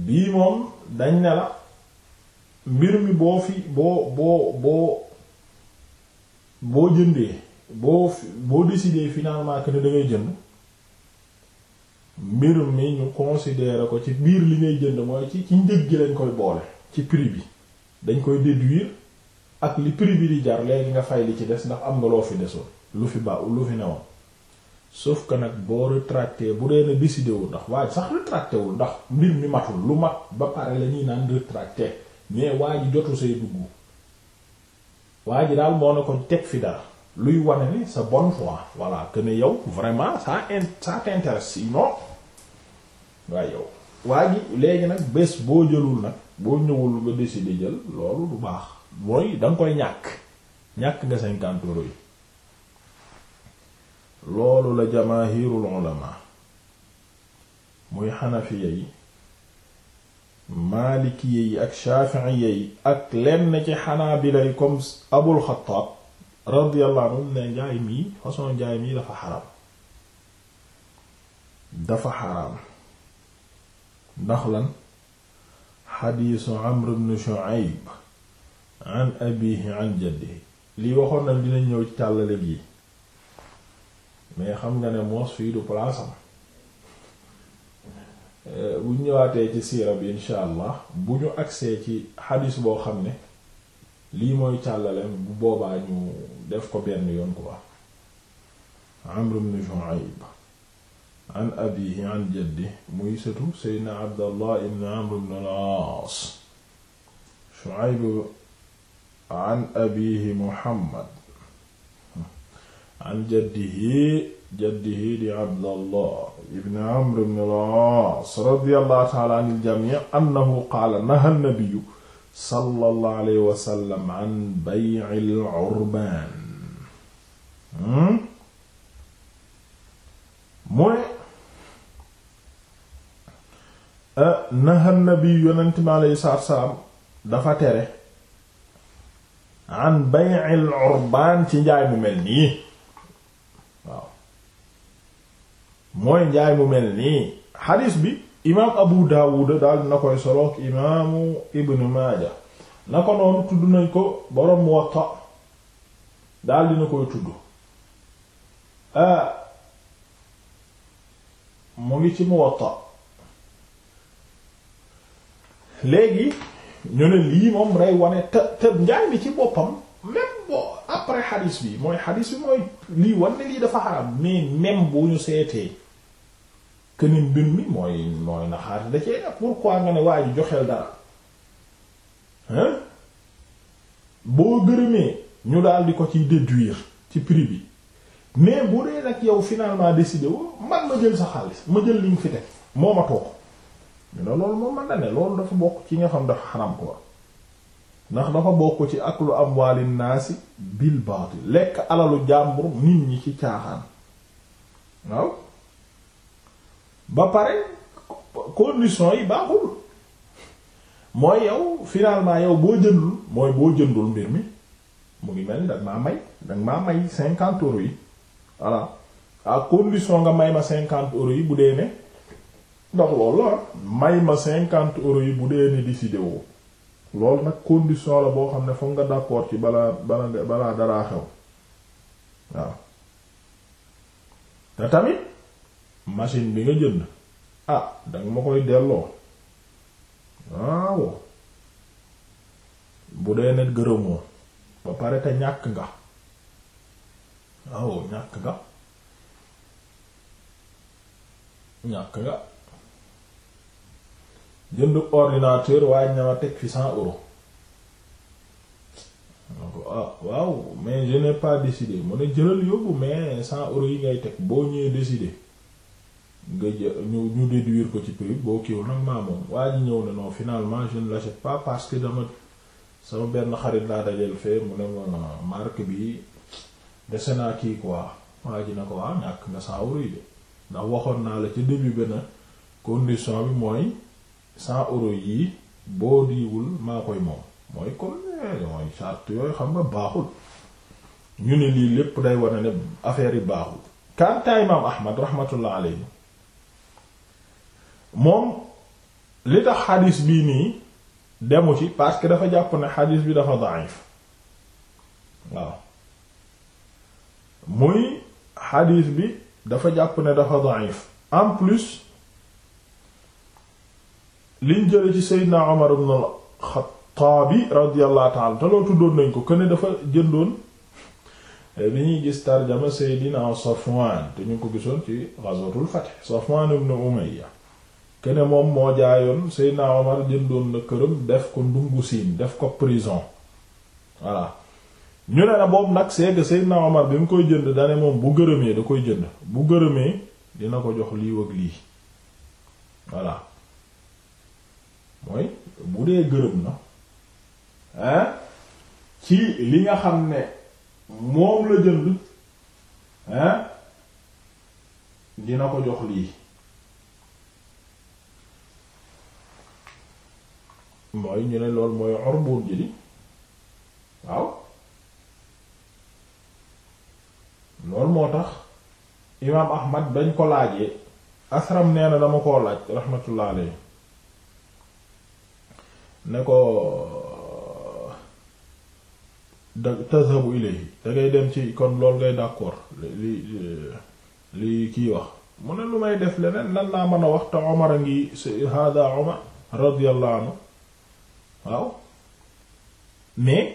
bii moom dañ ne mbir mi boo fi boo boo boo boo jëndee boo boo décidé finalement que ne da jënd mbir mi ñu considérer ko ci biir li ngay jënd mooy ci ci njëg gi lañ koy boole ci prix bi dañ koy déduire ak li prix bi di jar léegi nga fay li ci des ndax am nga loo fi desoon lu fi ba lu fi newoon sauf ko nag boo rétracté bu dee ne décidé wu ndax waaye sax rétracté wul ndax mbir mi matul lu mag ba pare la ñuy naan rétracté mais waa ji jotu say dugg waa ji daal moo ne ko teg fi dara luy wane ni sa bonne foi voilà que ne yow vraiment ça ça t'intéresse waaye yow waa gi léegi nag bés boo jëlul nag boo ñëwul nga décider jël loolu du baax mooy da koy ñàkk ñàkk nga cinquante euros yi loolu la jamaahirul ulama muy xanafiya yi maalikiya yi ak shaafiiya yi ak lenn ci xanaabila yi comme abul xattaab radiyallahu anhu ne njaay mii façon njaay mii dafa xaram dafa xaram ndax lan xadiisu Amr ibn Shu'ayb an abiihi an jaddihi lii waxoon na dinañ ñëw ci tàllale gi mais xam nga ne moos fii du place euh, bu ñëwaatee ci siira bi insha allah bu ñu agsee ci xadiis boo xam ne lii mooy càllaleem bu boobaa ñu def ko benn yoon quoi Amr ibn an abihi an jaddi muy sëtu seydna abdallah ibn amr ibn al-aas shu'ayb an abihi muhammad an jaddihi jaddihi di abdallah ibn amr ibn al-aas radiyallahu ta'ala anil jami' annahu qaala naha an-nabiyyu sallallahu alayhi wa sallam an bay'il urbaan mooy hmm? Euh, nahan nabi yonent mi aleyhi salaatu salaam dafa tere an bay'il urbaan ci njaay mu mel nii waaw mooy njaay mu mel nii xadiis bi imaam abu daawuda daal na koy solook imaamu ibnu maaja na ko noonu tudd nañ ko boroom muwatta daal dina koy tudd euh, mu ngi ci muwatta léegi ñu ne lii moom day wane te te njaay mi ci boppam même boo après xadis bi mooy xadis bi mooy lii wan ne lii dafa xaram mais même bu ñu seetee que ni mbir mi mooy mooy naxaar da cee pourquoi nga ne waa ji joxeel dara hein boo gërëmee ñu daal di ko ci déduire ci prix bi mais bu dee nag yow finalement décidé wu man ma jël sa xaalis ma jël li nga fi teg moo ma toog ñu loolu moom mën na ne loolu dafa bokk ci nga xam dafa xaram ko ndax dafa bokk ci ak lu am amwaali naasi bil baatil lekk alalu jàmbur nit ñi ci caaxaan waaw ba pare conditions yi baaxul mooy yow finalement yow boo jëndul mooy boo jëndul mbir mi mu ngi mel ni danga maa may danga maa may cinquante euros yi voilà à condition nga may ma cinquante euros yi bu dee ne ndax loolu la may ma cinquante euros yi bu dee ni décidé woo loolu nag condition la boo xam ne foog nga d'accord ci balaa balaa balaa daraa xew waaw te tamit machine bi nga jënd ah danga ma koy delloo waaw bu dee ne gërëmoo ba pare te ñàkk nga waaw ñàkk nga ñàkk nga jënd ordinateur waaye na ma teg fi cent euros donc ah, waaw mais je n'ai pas décidé mu ne jëlal yóbbu mais san euros yi ngay teg boo ñëwee décidé nga jë ñu ñu déduire ko ci prix boo kiiwul nag maa waa ji ñëw ne non finalement je ne l'achète pas parce dama sama benn xarit laa dajeel fee mu ne ma marque bi dese naa kii quoi waa ji na ko waa ah, ñàkk nga cent euros yi de ndax waxoon naa la ci début benn condition bi mooy. cent euros yii boo diwul maa koy moom mooy comme mooy charte yooyu xam nga baaxul ñu ni lii lépp day wane ne affaire yi baaxul kantaa imaam ahmad rahmatullah alayhi moom li tax xadis bii nii demu ci parce que dafa jàpp ne xadis bi dafa da'if waaw muy xadis bi dafa jàpp ne dafa da'if en plus liñ jële ci Seydina Omar ibn al-Khattab radiyallahu ta'ala tuddoon nañ ko këne dafa jëndoon bi eh, ñuy gis tarjama Seydina Safwan te ñu ko gisoon ci ghazwatul Fath Safwan ibn Umayya këne moom moo jaayoon Seydina Omar jëndoon na këram def ko ndungu siin def ko prison voilà ñu ne la boobu nag seega Seydina Omar bi mu koy jënd dane moom bu gërëmee da koy jënd bu gërëmee dina ko jox lii ak lii voilà mooy bu dee gërëm na hein ci li nga xam ne moom la jënd hein dina ko jox lii mooy ñu ne loolu mooy orbuun ji waaw loolu moo tax imaam Ahmad bañ ko laajee asram nee na dama koo laaj rahmatullah alayhi ne ko da tazhabu ilayhi da ngay dem ci kon loolu ngay d'accord li li kii wax mu ne lu may def leneen lan laa mën a wax te Omar a ngi hada Omar radiyallahu anhu waaw mais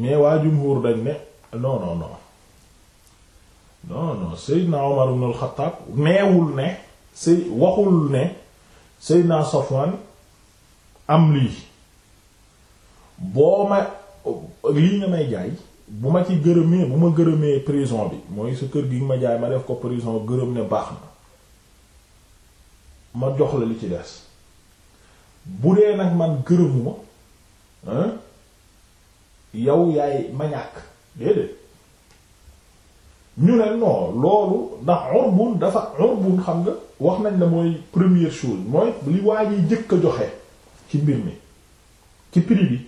mais waa jumhur dañ ne non non non non non Seydina Omar ibn al-Khattab neewul ne Sey waxul ne Seydina Safwan am lii boo ma lii nga may jaay bu ma ci gërëmee bu ma gërëmee prison bi mooy sa kër gi nga ma jaay ma def ko prison gërëm ne baax na ma jox la li ci des bu dee nag man gërëmuma hein yow yaay ma ñàkk déedéet ñu ne non loolu ndax urbun dafa urbun xam nga wax nañ la mooy première chose mooy li waa jëkk a joxe ci mbir mi ci prix bi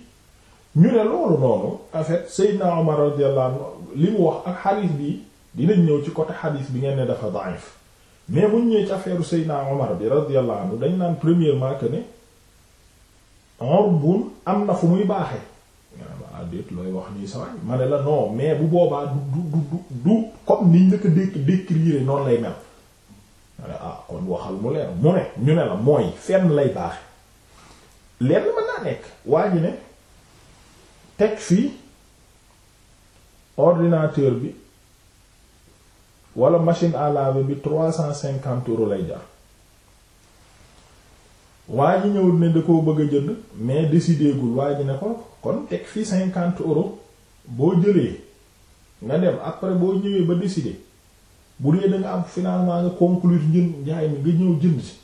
ñu ne loolu noonu en Seydina Omar radiyallahu anhu li mu wax ak xadiis bi dinañ ñëw ci côté xadiis bi ngeen ne dafa da'if mais mu ñëwee ci affaire Seydina Omar bi radiyallahu anhu dañ naan premièrement que ne orbun am na fu muy baaxee ah déet looy wax nii sa waay la non mais bu boobaa du du du du comme niñ la décrire noonu lay mel ma ah kon waxal mu leer mu ne ñu ne la mooy fenn lay baaxee. lenn mën naa nekk waa ji ne teg fii ordinateur bi wala machine à laver bi trois cent cinquante euros lay jar waa ji ñëwul ne da koo bëgg a jënd mais décidé gul waa ji ne ko kon teg fii cinquante euros boo jëlee nga dem après boo ñëwee ba décidé bu dee da nga am finalement nga conclure njënd njaay mi nga ñëw jënd si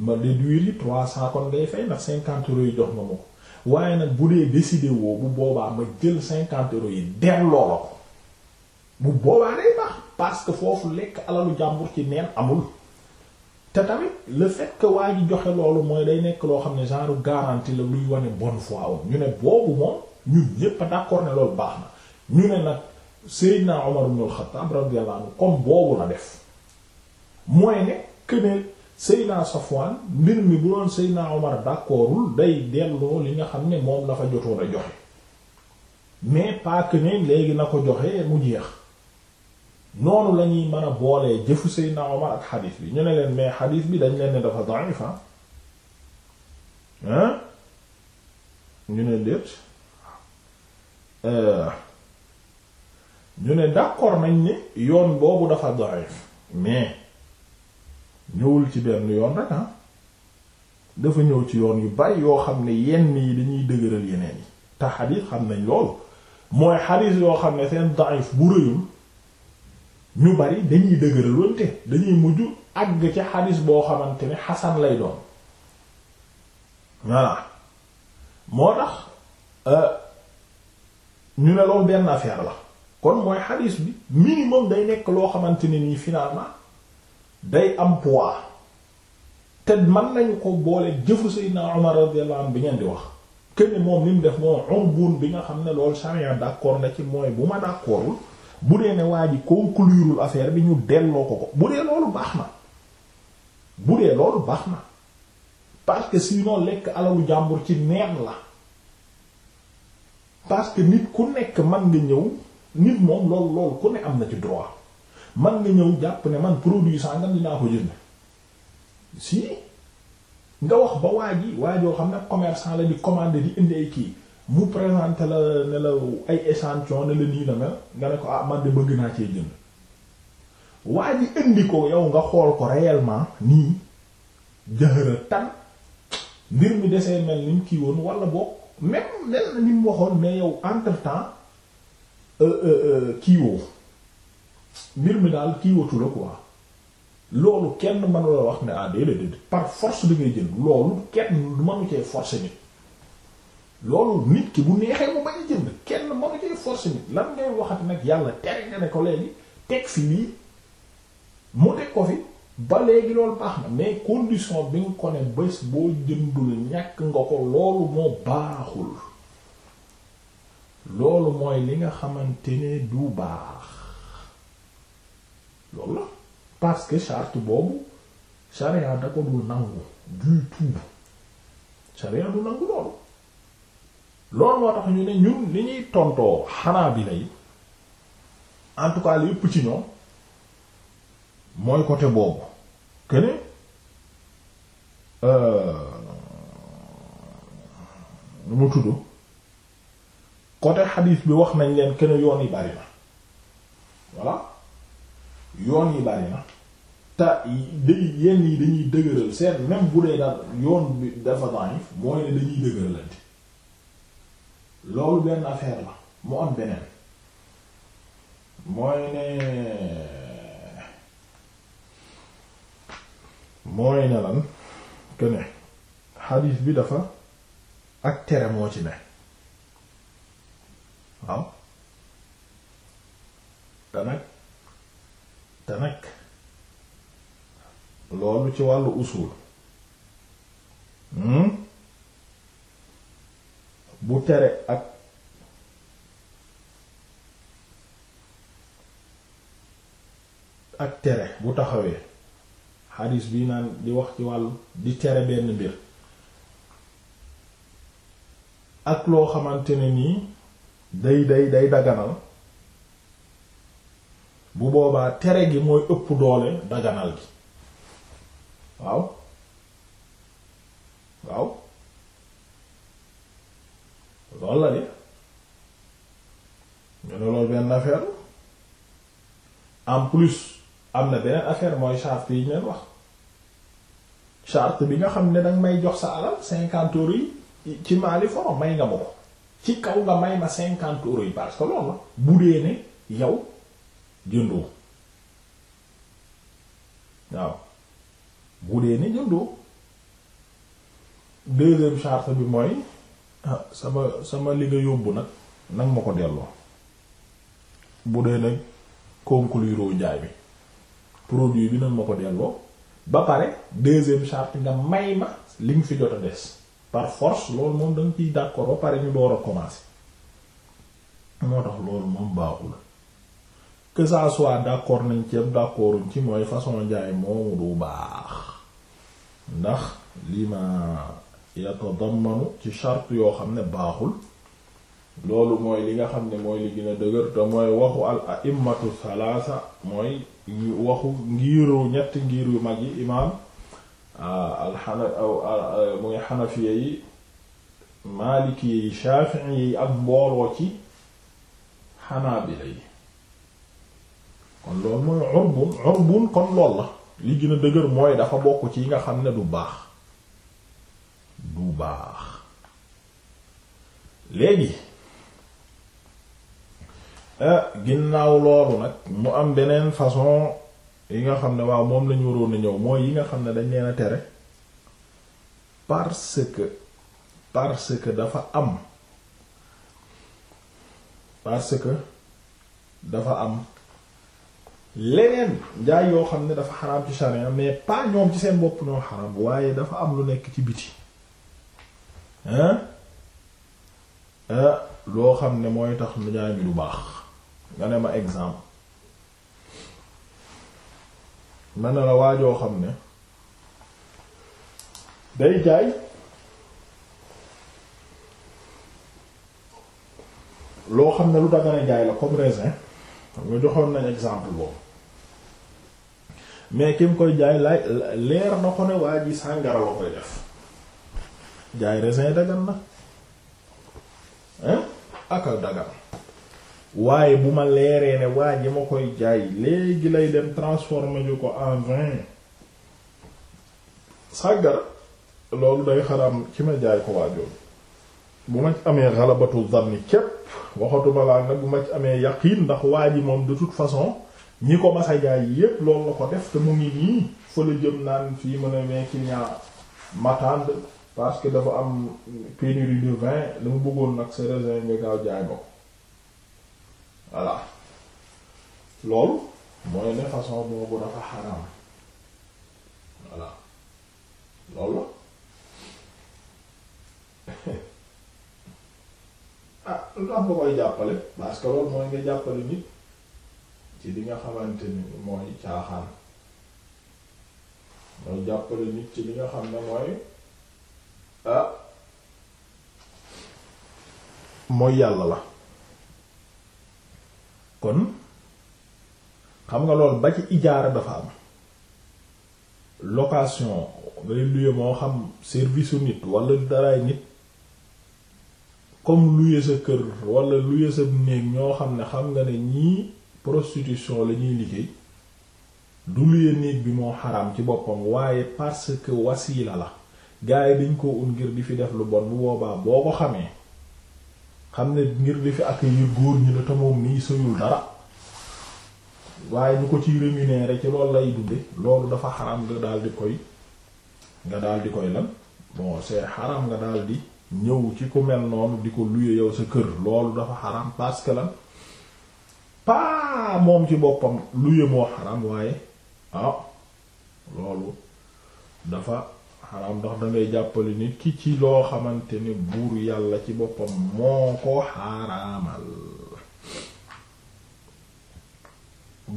ma déduire yi trois cent kon ngay cinquante euros yi jox nga ma waaye nag bu dee décider woo bu boobaa ma jël cinquante euros yi delloo la ko bu boobaa day baax parce que foofu lekk alalu jàmbur ci neen amul te tamit le fait que waa joxe loolu mooy day nekk loo xam ne genre garantie la luy wane bonne foi ñu ne boobu moom ñun ñépp d'accord ne loolu baax na ñu ne nag Seydina Omar ibn al-Khattab radiyallahu anhu comme boobu la def mooy ne que ne Seyna Safwan mbir mi bu doon Seyna Omar d'accordul day delloo li nga xam ne moom dafa jotoon a joxe mais pas que léegi na ko joxe mu jeex noonu la ñuy mën a boolee jëfu Seyna Omar ak xadiis bi ñu ne leen mais xadiis bi dañ leen ne dafa da'if ah? hein ñu ne déet euh, ñu ne d'accord nañ ni yoon boobu dafa da'if mais ñëwul ci benn yoon rek ah. dafa ñëw ci yoon yu bari yoo xam ne yenn yi dañuy dëgëral yeneen yi te xadiis xam nañ loolu mooy xadiis yoo xam ne seen daif bu rëyul ñu bari dañuy dëgëral wante dañuy mujj àgg ci xadiis boo xamante ne xasan lay doon voilà moo tax euh, ñu ne loolu benn affaire la kon mooy xadiis bi minimum day nekk loo xamante ne nii finalement day am poids te man nañu ko boole jëfu Seydina Umar radiyallahu anhu bi ngeen di wax kenn moom li mu def moom umbun bi nga xam ne loolu charia d'accord na ci mooy bu ma d'accordul bu dee ne waa ji conclurul affaire bi ñu delloo ko ko bu dee loolu baax na bu dee loolu baax na parce que sinon lekk alalu jàmbur ci neen la parce que nit ku nekk man nga ñëw nit moom loolu loolu ku ne am na ci droit man nga ñëw jàpp ne man produit sangam dinaa ko jënd si nga wax ba waa ji waa joo xam ne commerçant la di commander di indi ay kii mu présenter la ne la ay échantillon ne la nii la mel nga ne ko ah man de bëgg naa cee jënd waa ji indi ko yow nga xool ko réellement nii jëhëra tan mbir mi desee mel ni mu kii woon wala boog même mel na ni mu waxoon mais yow entre temps euh, euh, euh, kii woo mbir mi daal kii watu la quoi loolu kenn mënu la wax ne ah déedéet déedéet par force da ngay jël loolu kenn mënu cee forcer nit loolu nit ki bu neexee mu bañ a kenn mënu cee forcer nit lan ngay waxat nag yàlla tere nga ne ko léegi teg fi lii mu teg ko fi ba léegi loolu baax na mais condition bi nga ko ne bés boo jëndul ñàkk nga ko loolu moo baaxul loolu mooy li nga xamante ne du baax loolu la parce que charte boobu charia da ko du nangu du tout charia du nangu loolu loolu moo tax ñu ne ñun li ñuy tontoo xanaa bi lay en tout cas li ëpp ci ñoom mooy côté boobu que ne euh, mu tudd côté xadiis bi wax nañ leen que yoon yi bari na voilà yoon yi bari na te day yenn yi dañuy dëgëral seen même bu dee daal yoon bi dafa daif mooy ne dañuy dëgëralante loolu benn affaire la mu am beneen mooy ne lan que xadiis bi dafa ak tere moo ci ne waaw te te nag loolu ci wàllu usul hmm? bu tere ak ak tere bu taxawee xadis bi naan di wax ci wàllu di tere benn mbir ak loo xamante ne nii day day day daganal bu boobaa tere gi mooy ëpp doole daganal gi waaw waaw loolu la de ñu ne loolu benn affaire en plus am na beneen affaire mooy charte yi ñu wax charte bi nga xam ne danga may jox sa alal cinquante euros yi ci maali foro may nga ma ko ci kaw nga may ma cinquante euros yi parce que loolu la bu dee ne yow jëndoo waaw bu dee ni jëndoo deuxième charte bi mooy ah, sama sama li nga yóbbu nag nag ma ko delloo bu dee nag conclure jaay bi produit bi nag ma ko delloo ba pare deuxième charte nga may ma li mu fi jot a des par force loolu moom da nga ciy d'accord ba pare ñu door a commencer moo tax loolu moom baaxul que ça soit d'accord nañ ci yëpp ci mooy façon njaay moomu du baax ndax li ma yatadammanu ci charte yoo xam ne baaxul loolu mooy li nga xam ne mooy li gën a dëgër te waxu al a'immatu salaasa mooy waxu ngiiru ñetti ngiir yu mag yi imaam alxanafi muy xanafiya yi maalikiya yi shaafi'i yi ak mbooloo ci xanaabila yi kon loolu mooy urbun urbun kon lool la li gën a dëgër mooy dafa bokk ci yi nga xam ne du baax du baax léegi eh, ginnaaw loolu nag mu am beneen façon yi nga xam ne waaw moom lañu waroon a ñëw mooy yi nga xam ne dañ leen a tere parce que parce que dafa am parce que dafa am leneen njaay yoo xam ne dafa xaraam ci sharia mais pas ñoom ci seen bopp ñoo xaraam waaye dafa am lu nekk ci biti hein eh, loo xam ne mooy tax njaay mi du baax nga ne ma exemple man na la waajoo xam ne day jaay loo xam ne lu dagana jaay la comme raisin xam nga joxoon nañ exemple boobu mais ki mu koy jaay lay leer na ko ne waa ji sàngara la koy def jaay raisin dagan na hein aka dagan waaye bu ma leeree ne waa ji ma koy jaay léegi lay dem transformer ju ko en vin sàngara loolu day xaram ci ma jaay ko waajoon bu ma amee xalabatu zanni képp waxatuma laa nag bu ma ci amee yaqiin ndax waa ji moom de toute façon ñi ko masa jaay yépp loolu la ko def te mu ngi nii fa la jëm naan fii mën a vingt clients m'attendent parce dafa am pénurie de vin la bëggoon nag sa raisin nga gaaw jaay ma loolu mooy ne façon boobu dafa xaraam voilà loolu la ah lu tax nga koy jàppale parce que loolu mooy nga jàppale nit ci li nga xamante ni mooy caaxaan mooy jàppale nit ci li nga xam ne mooy ah mooy yàlla la kon xam nga loolu ba ci ijaara dafa am location ngay luye moo xam service nit wala daraay nit comme luye sa kër wala luye sa néeg ñoo xam ne xam nga ne ñii prostitution la ñuy liggéey du luye néeg bi moo xaram ci boppam waaye parce que wasiila la gars yi dañ ko ut ngir di fi def lu bon bu boobaa boo ko xamee xam ne ngir di fi accueillir góor ñi la te nii sëyul dara waaye ñu ko ciy rémunérer ci loolu lay dunde loolu dafa xaram nga daal di koy nga daal di koy lan bon c'est xaram nga daal di ñëw ci ku mel noonu di ko luye yow sa kër loolu dafa xaram parce lan paa moom ci boppam luye moo xaram waaye ah, loolu dafa xaram ndax dangay jàppale nit ki ci loo xamante ni buur yàlla ci boppam moo ko xaraamal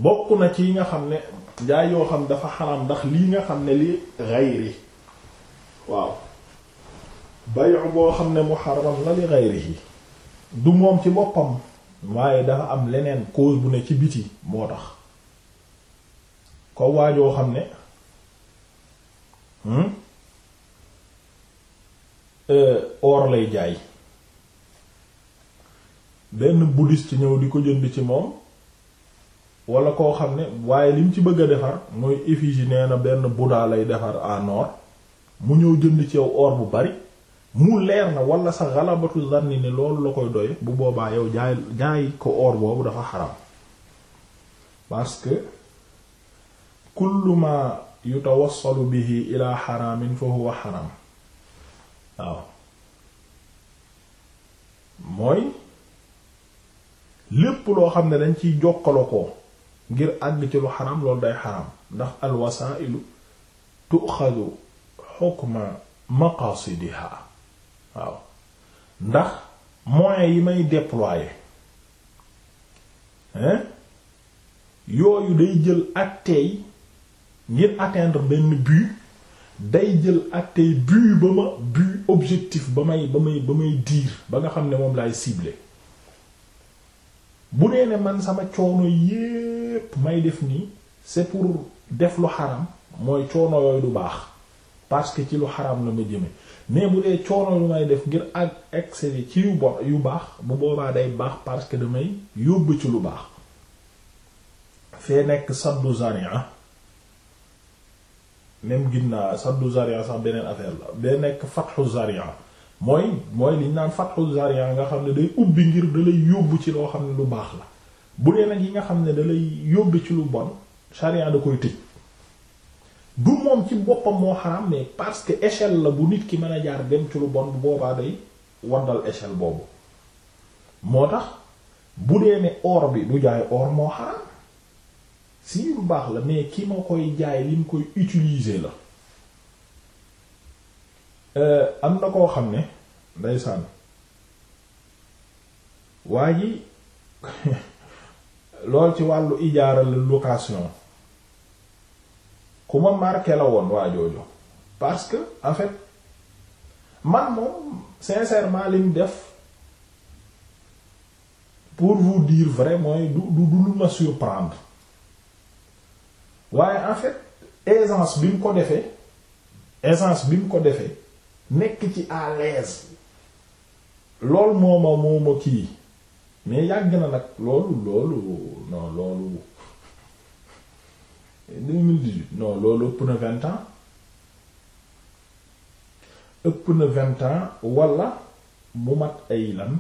bokk na ci nga xam ne jaay yoo xam dafa xaram ndax lii nga xam ne li xayri waaw bayo boo xam ne muharram la li ghayrihi du moom ci boppam waaye dafa am leneen cause bu ne ci biti moo tax ko waajoo xam ne hmm? euh, or lay jaay benn bouddhiste ñëw di ko jënd ci moom wala koo xam ne waaye lim ci bëgg a defar mooy effigie nee na benn Bouddha lay defar en mu ñëw jënd ci yow or bu bari mu leer na walla sa galabatu zanni ni loolu la koy doy bu boobaa yow jaay jaay ko or boobu dafa xaram parce que kullu ma yutawassalu bihi ila xaramin fa huwa xaram waaw mooy lépp loo xam ne dañ ciy jokkalo ko ngir àgg ci lu xaram loolu day xaram ndax alwasailu tuxadu xukma maqasidiha waaw ndax moyens yi may déployer hein yooyu day jël ak tey ngir atteindre benn but day jël ak tey but ba ma but objectif ba may ba may ba may diir ba nga xam ne moom laay cibler bu nee ne man sama coono yépp may def nii c'est pour def lu xaram mooy coono yooyu du baax parce que ci lu xaraam la ma jëme mais bu dee coono lu may def ngir ak excès ci yu bo yu baax bu boobaa day baax parce que damay yóbbu ci lu baax fee nekk saddu zaria gin naa saddu zaria sax beneen affaire la bee nekk fatxu zaria mooy mooy liñ naan fatxu zaria nga xam ne day ubbi ngir dalay yóbbu ci loo xam ne lu baax la bu dee nag yi nga xam ne dalay yóbbu ci lu bon sharia da koy tëj du moom ci boppam moo xaraam mais parce que échelle la bu nit ki mën a jaar dem ci lu bon bu boobaa day waddal échelle boobu moo tax bu dee ne or bi du jaay or moo xaraam si lu baax la mais ki ma koy jaay li mu koy utiliser la euh, am na koo xam ne ndeysaan waa ji lool ci wàllu ijaara la location ku ma marqué la woon waa jooju parce que en fait man moom sincèrement li mu def pour vous diir vrai mooy du du ma surprendre waaye en fait aisance bi mu ko defee aisance bi mu ko defee nekk ci à l'aise loolu moo ma moo ma kii mais yàgg na nag loolu loolu non loolu. 2018 non loolu ëpp na vingt ans ëpp na vingt ans wala mu mat ay lan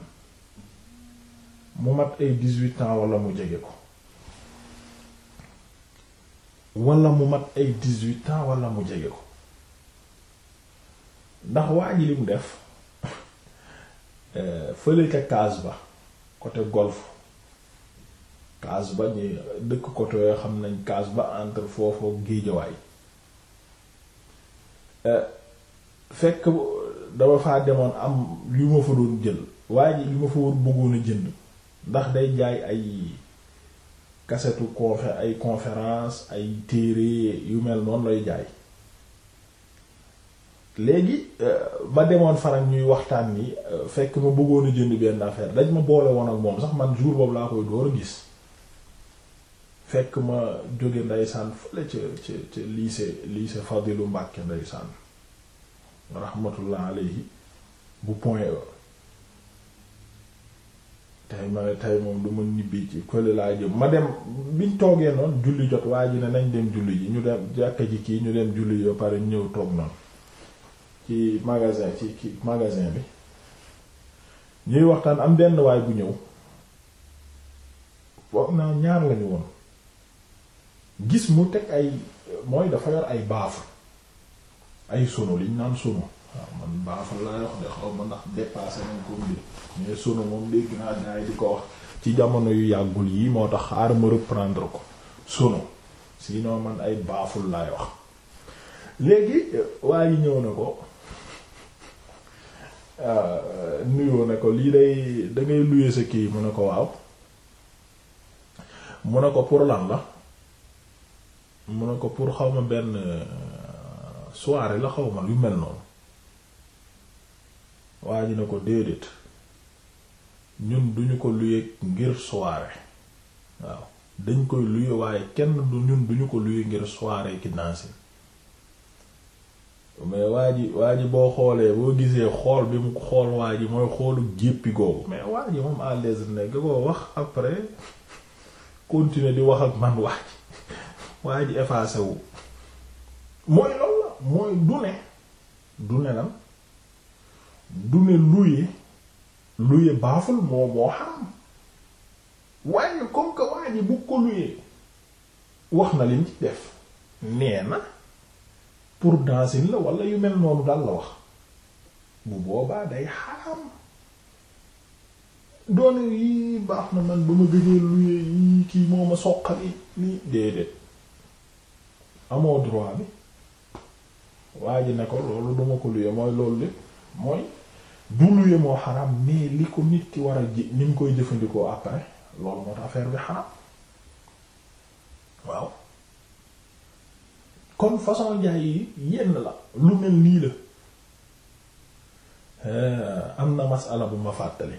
mu mat ay dix-huit ans wala mu jege ko wala mu mat ay dix-huit ans wala mu jege ko ndax waa ji li mu def euh, fële ca Casbah côté golf kaas ba ñu dëkk côté yoo xam nañ kaas ba entre foofu ak géejawaay eh, fekk dama faa demoon am yu ma fa doon jël waa ji li ma fa war bëggoon a jënd ndax day jaay ay kasetu confé ay conférence ay téere yu mel noonu lay jaay léegi ma eh, demoon farak ñuy waxtaan ni eh, fekk ma bëggoon a jënd benn affaire dañ ma boole woon ak moom sax man jour boobu laa koy door a gis fekk ma jóge ndeysaan fële ca ca ca lycée lycée Fadilu Mbàkke ndeysaan rahmatullah alayhi bu point e tey ma ne tey moom du ma ñibbi ci kële laa jëm ma dem biñ toogee noonu julli jot waa ji ne nañ dem julli ji ñu dem jàkka ji kii ñu dem julli yoo pare ñëw toog noonu ci magasin ci ci magasin bi ñuy waxtaan am benn waay bu ñëw wax naa ñaar lañu woon gis mu teg ay mooy dafa yor ay baaf ay sono liñ naan sono waaw man baafal laa wax de xaw ma ndax dépassé nañ ko mbir mais ko ci jamono yu yàggul yi moo tax xaar ma reprendre ko si noo man ay baaful laay wax léegi waaye ñëw na ko ah, nuyoo na ko lii day dangay luye sa kii mu ne ko waaw mu ne ko pour lan la mu ne ko pour xaw ma benn euh, soirée la xaw ma lu mel noonu waa ji ne ko déedéet ñun duñu ko luye ngir soirée waaw dañ koy luye waaye kenn du ñun duñu ko luye ngir soirée ki dancing mais waa ji waa ji boo xoolee boo gisee xool bi mu xool waa ji mooy xoolu jéppi googu mais waa ji moom à l'aise nekk koo wax après continuer di wax ak man waa ji waa ji effacé wu mooy loolu la mooy du ne du ne luye luye baaful moo moo xaram waaye comme que waa ji bu ko luye wax na lim ci def nee na pour dansin la wala yu mel noonu daal la wax bu boobaa day xaram doone yi baax na man ba ma gëjee luye yi kii moo ma soqali nii déedéet amoo droit bi waa ji ne ko loolu duma ko luye mooy loolu lépp mooy du luye moo xaram mais li ko nit ki war a ji ni koy jëfandikoo après loolu moo tax affaire bi xaram waaw kon façon jaay yi yenn la lu mel nii la eh, am na masala bu ma fàttali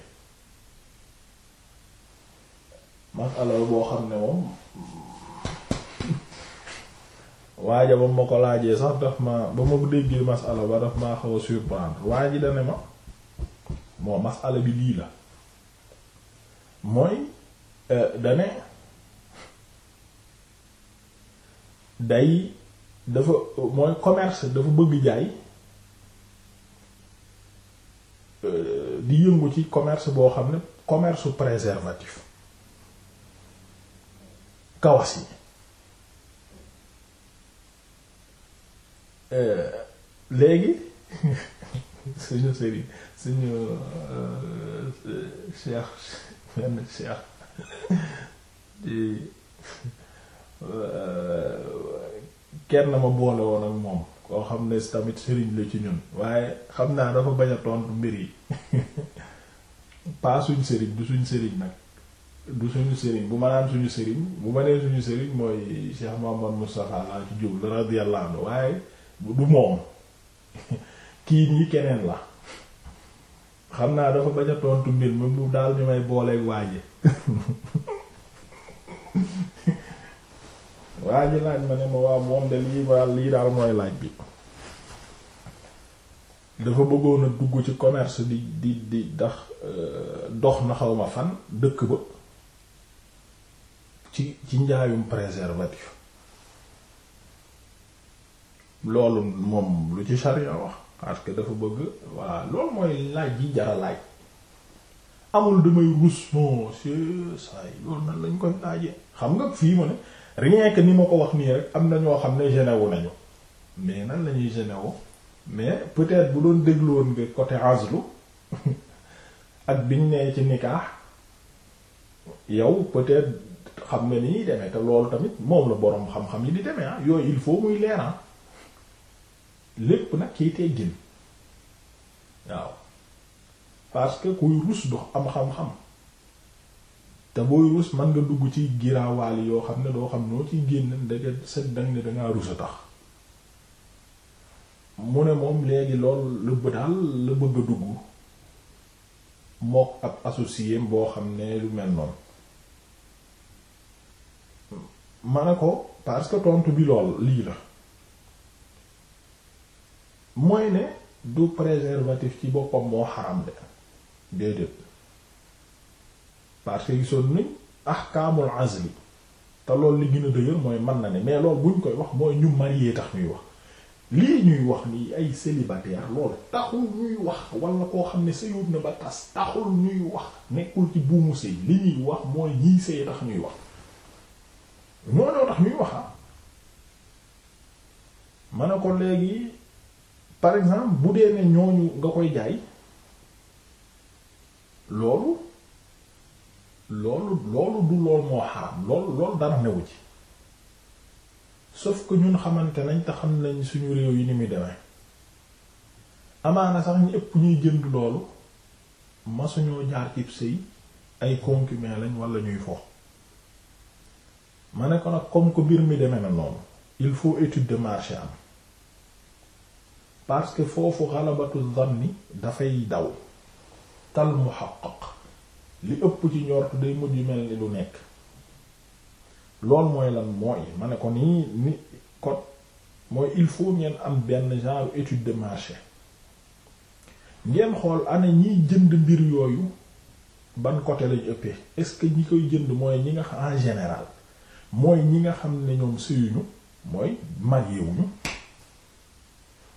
masala boo xam ne moom waaja ba ma ko laajee sax daf ma ba ma déggee masala ba daf maa xaw a surprendre waa ji dane ma moo masala bi lii la mooy euh, dane day dafa mooy commerce dafa bëgg jaay euh, di yëngu ci commerce boo xam ne commerce préservatif kawas yi Euh, léegi suñu sëriñ suñu euh, euh, cheikh fenn cheikh di kenn ma boole woon ak moom koo xam ne tamit sëriñ la ci ñun waaye xam naa dafa bañ a tontu mbir yi pas suñu sëriñ du suñu sëriñ nag du suñu sëriñ bu ma naan suñu sëriñ bu ma nee suñu sëriñ mooy Cheikh Mouhamadou Moustapha laa ci jublu radiyallahu anhu waaye du moom kii nii keneen la xam naa dafa bañ a tontu mbir mi bu daal ñu may booleeg waaje waaje laaj ma ne ma waaw moom de lii daal lii daal mooy laaj bi dafa bëggoon a dugg ci commerce di di di ndax euh, dox naxaw ma fan dëkk ba ci ci njaayum préservatif loolu moom lu ci sharia wax parce que dafa bëgg voilà loolu mooy laaj yi jara laaj amul damay rus non c'est ça loolu nan lañ koy laajee xam nga fii ma ne rien ni ma ko wax nii rek am na ñoo xam ne genewu nañu mais nan la ñuy genewu mais peut-être bu doon dégluwoon nga côté azlu ak biñ ne ci nikah yow peut xam nga ni deme demee te loolu tamit moom la boroom xam-xam yi di demee ah yooyu il faut muy leer ah. lépp nag kiy teggin waaw parce que kuy rus dox am xam-xam te booy rus man nga dugg ci giraawaali yoo xam ne doo xam noo ci génn ndege set dang ne dangaa rus a tax mu ne moom léegi lool la daal la bëgg a dugg mook ab associé boo xam ne lu mel noonu ma ne ko parce que tontu bi lool lii la mooy ne du préservatif ci boppam moo xaram de déedéet parce que gisoon ni ahkaamul azli te loolu li gina a mooy man na ne mais loolu buñ koy wax mooy ñu marié tax ñuy wax lii ñuy wax ni ay célibataire loolu taxul ñuy wax wala koo xam ne sëyut na ba tas taxul ñuy wax nekkul ci buumu sëy li ñuy wax mooy ñiy sëy tax ñuy wax ñoo tax ñuy wax ah ma ne ko léegi par exemple bu dee ne ñooñu nga koy jaay loolu loolu loolu du lool moo xaram loolu loolu newu ci sauf ko ñun xamante nañ te xam nañ suñu réew yi ni muy deme amaana sax ñu ëpp ñuy jënd loolu ma suñoo jaar cib sëy ay concubin lañ walla ñuy fo ma ne ko nag comme que mbir mi demee na noonu il faut étude de marché am parce que foofu xalabatu zanni dafay daw tal muhaqqaq li ëpp ci njort day mujj yu mel ni lu nekk loolu mooy lan mooy ma ne ko nii ni kon mooy il faut ngeen am benn genre étude de marché ngeen xool ana ñiy jënd mbir yooyu ban côté lañu ëppee est-ce que ñi koy jënd mooy ñi nga xam en général mooy ñi nga xam ne ñoom siyuñu mooy marié wuñu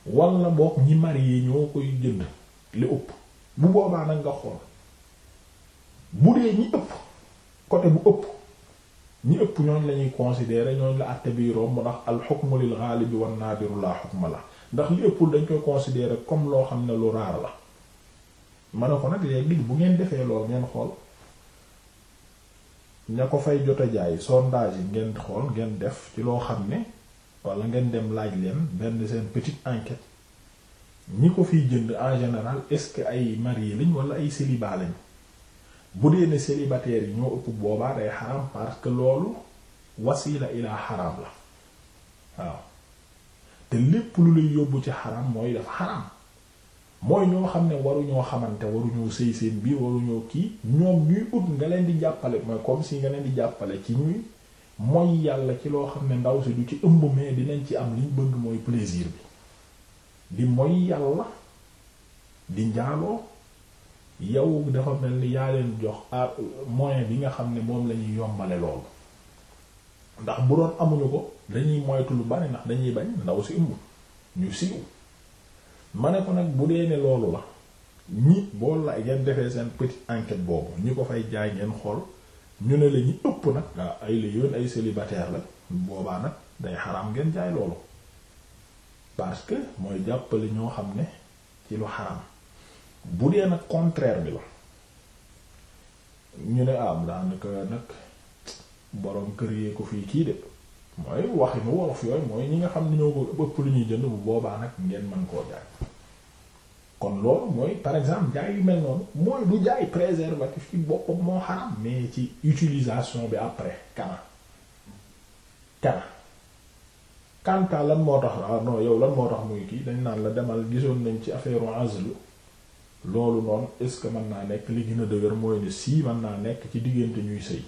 wala boog ñi marié ñoo koy jënd li ëpp bu boobaa nag nga xool bu dee ñi ëpp côté bu ëpp ñi ëpp ñooñ la ñuy considérer ñooñ la àtte bi romb ndax al hukmu lil ghalib wan nadiru la hukma la ndax li ëppul dañ koy considérer comme loo xam ne lu raar la ma ne ko nag léegi bu ngeen defee lool ngeen xool ña ko fay jot a jaay sondage yi ngeen xool ngeen def ci loo xam ne wala ngeen dem laaj leen benn seen petite enquête ñi ko fiy jënd en général est-ce que ay marié lañ wala ay célibat lañ bu dee ne célibataire yi ñoo ëpp boobaa day xaram parce que loolu wasila ilaa xaram la waaw te lépp lu lay yóbbu ci xaram mooy dafa xaram mooy ñoo xam ne waruñoo xamante waruñoo sëy seen biir waruñoo kii ñoom ñuy ut nga leen di jàppale mooy comme si nga leen di jàppale ci ñuy mooy yàlla ci loo xam ne ndaw si du ci ëmb mais dinañ ci am liñ bëgg mooy plaisir bi di mooy yàlla di njaaloo yow dafa mel ni yaa leen jox moyen bi nga xam ne moom lañuy ñuy yombale loolu ndax bu doon amuñu ko dañuy moytu lu bari ndax dañuy bañ ndaw si ëmb ñu siiw ma ne ko nag bu dee ne loolu la ñi bool la ngeen defee seen petite enquête boobu ñu ko fay jaay ngeen xool ñu ne la ëpp nag daa ay la yoon ay célibataire la boobaa nag day xaraam ngeen jaay loolu parce que mooy jàppale ñoo xam ne ci lu xaraam bu dee nag contraire bi la ñu ne am ah daanaka nag boroom kër yee ko fii kii de mooy waxi mu wolof yooyu mooy ñi nga xam ne ñoo ko ëpp lu ñuy jënd bu boobaa nag ngeen mën koo jaay kon loolu mooy par exemple jaay yu mel noonu mooy du jaay préservatif ci boppam moo xaram mais ci utilisation bi après kana kana kanta lan moo tax ah non yow lan moo tax muy kii dañ naan la demal gisoon nañ ci affaire azlu loolu noonu est-ce que mën naa nekk li gën a dëgër mooy ne sii mën naa nekk ci diggante ñuy sëy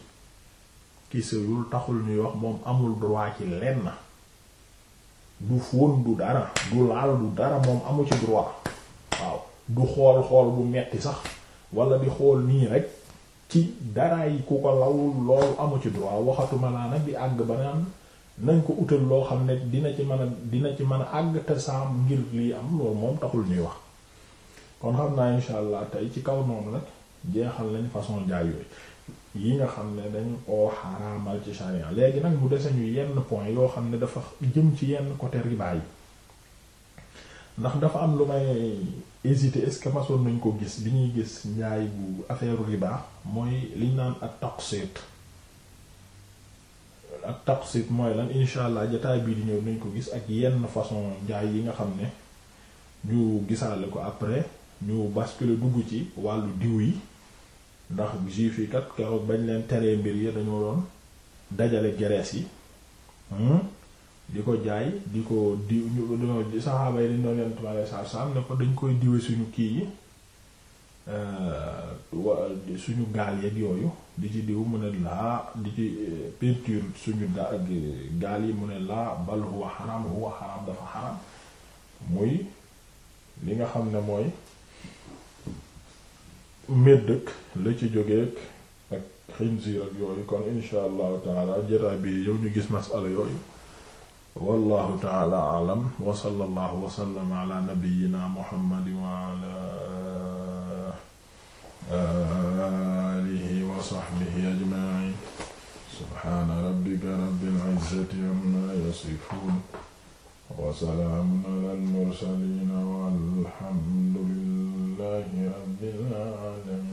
ki sëyul taxul ñuy wax moom amul droit ci lenn du fóon du dara du laal du dara moom amul ci droit waaw du xool xool bu metti sax wala di xool nii rek ci dara yi ku ko lawul loolu amu ci droit waxatuma laa nag di àgg ba naan nañ ko utal loo xam ne dina ci mën a dina ci mën a àgg te saam ngir lii am loolu moom taxul ñuy wax kon xam naa insha allah tey ci kaw noonu nag jeexal nañu façon jaay yooyu yi nga xam ne dañu koo xaraamal ci charia léegi nag mu desee ñu yenn point yoo xam ne dafa jëm ci yenn côté riba yi ndax dafa am lu may hésité est-ce que façon nañ ko gis bi ñuy gis njaay bu affaire riba mooy liñ naan ak taqsit ak taqsit mooy lan insha allah jotaay bii di ñëw nañ ko gis ak yenn façon njaay yi nga xam ne ñu gisaale ko après ñu basculer gugg ci wàllu diw yi ndax juif fii kat keroog bañ leen teree mbir yi dañoo doon dajale gerees yi hmm? di ko jaay di ko diw ñu saxaaba yi dañ doon bi alayhi salaatu salaam ne ko dañ koy diwe suñu kii yi euh, suñu gaal yeeg yooyu di ci diw mu ne laa di ci euh, peinture suñu gaal yi mu ne laa bal huwa xaram huwa xaram dafa xaram muy li nga xam ne mooy méddëk la ci jógeek ak xinziir ak yooyu kon insha allahu taala jataay bi yow ñu gis masala yooyu wallahu taala alam wa sallallahu wa sallam ala nabiyyina muhammadin wa ala eh, alihi wa sahbihi ajma'in subhana rabbika rabbil izzati amma yasifun wa salaamun alal mursaliin walhamdulillahi rabbil alamin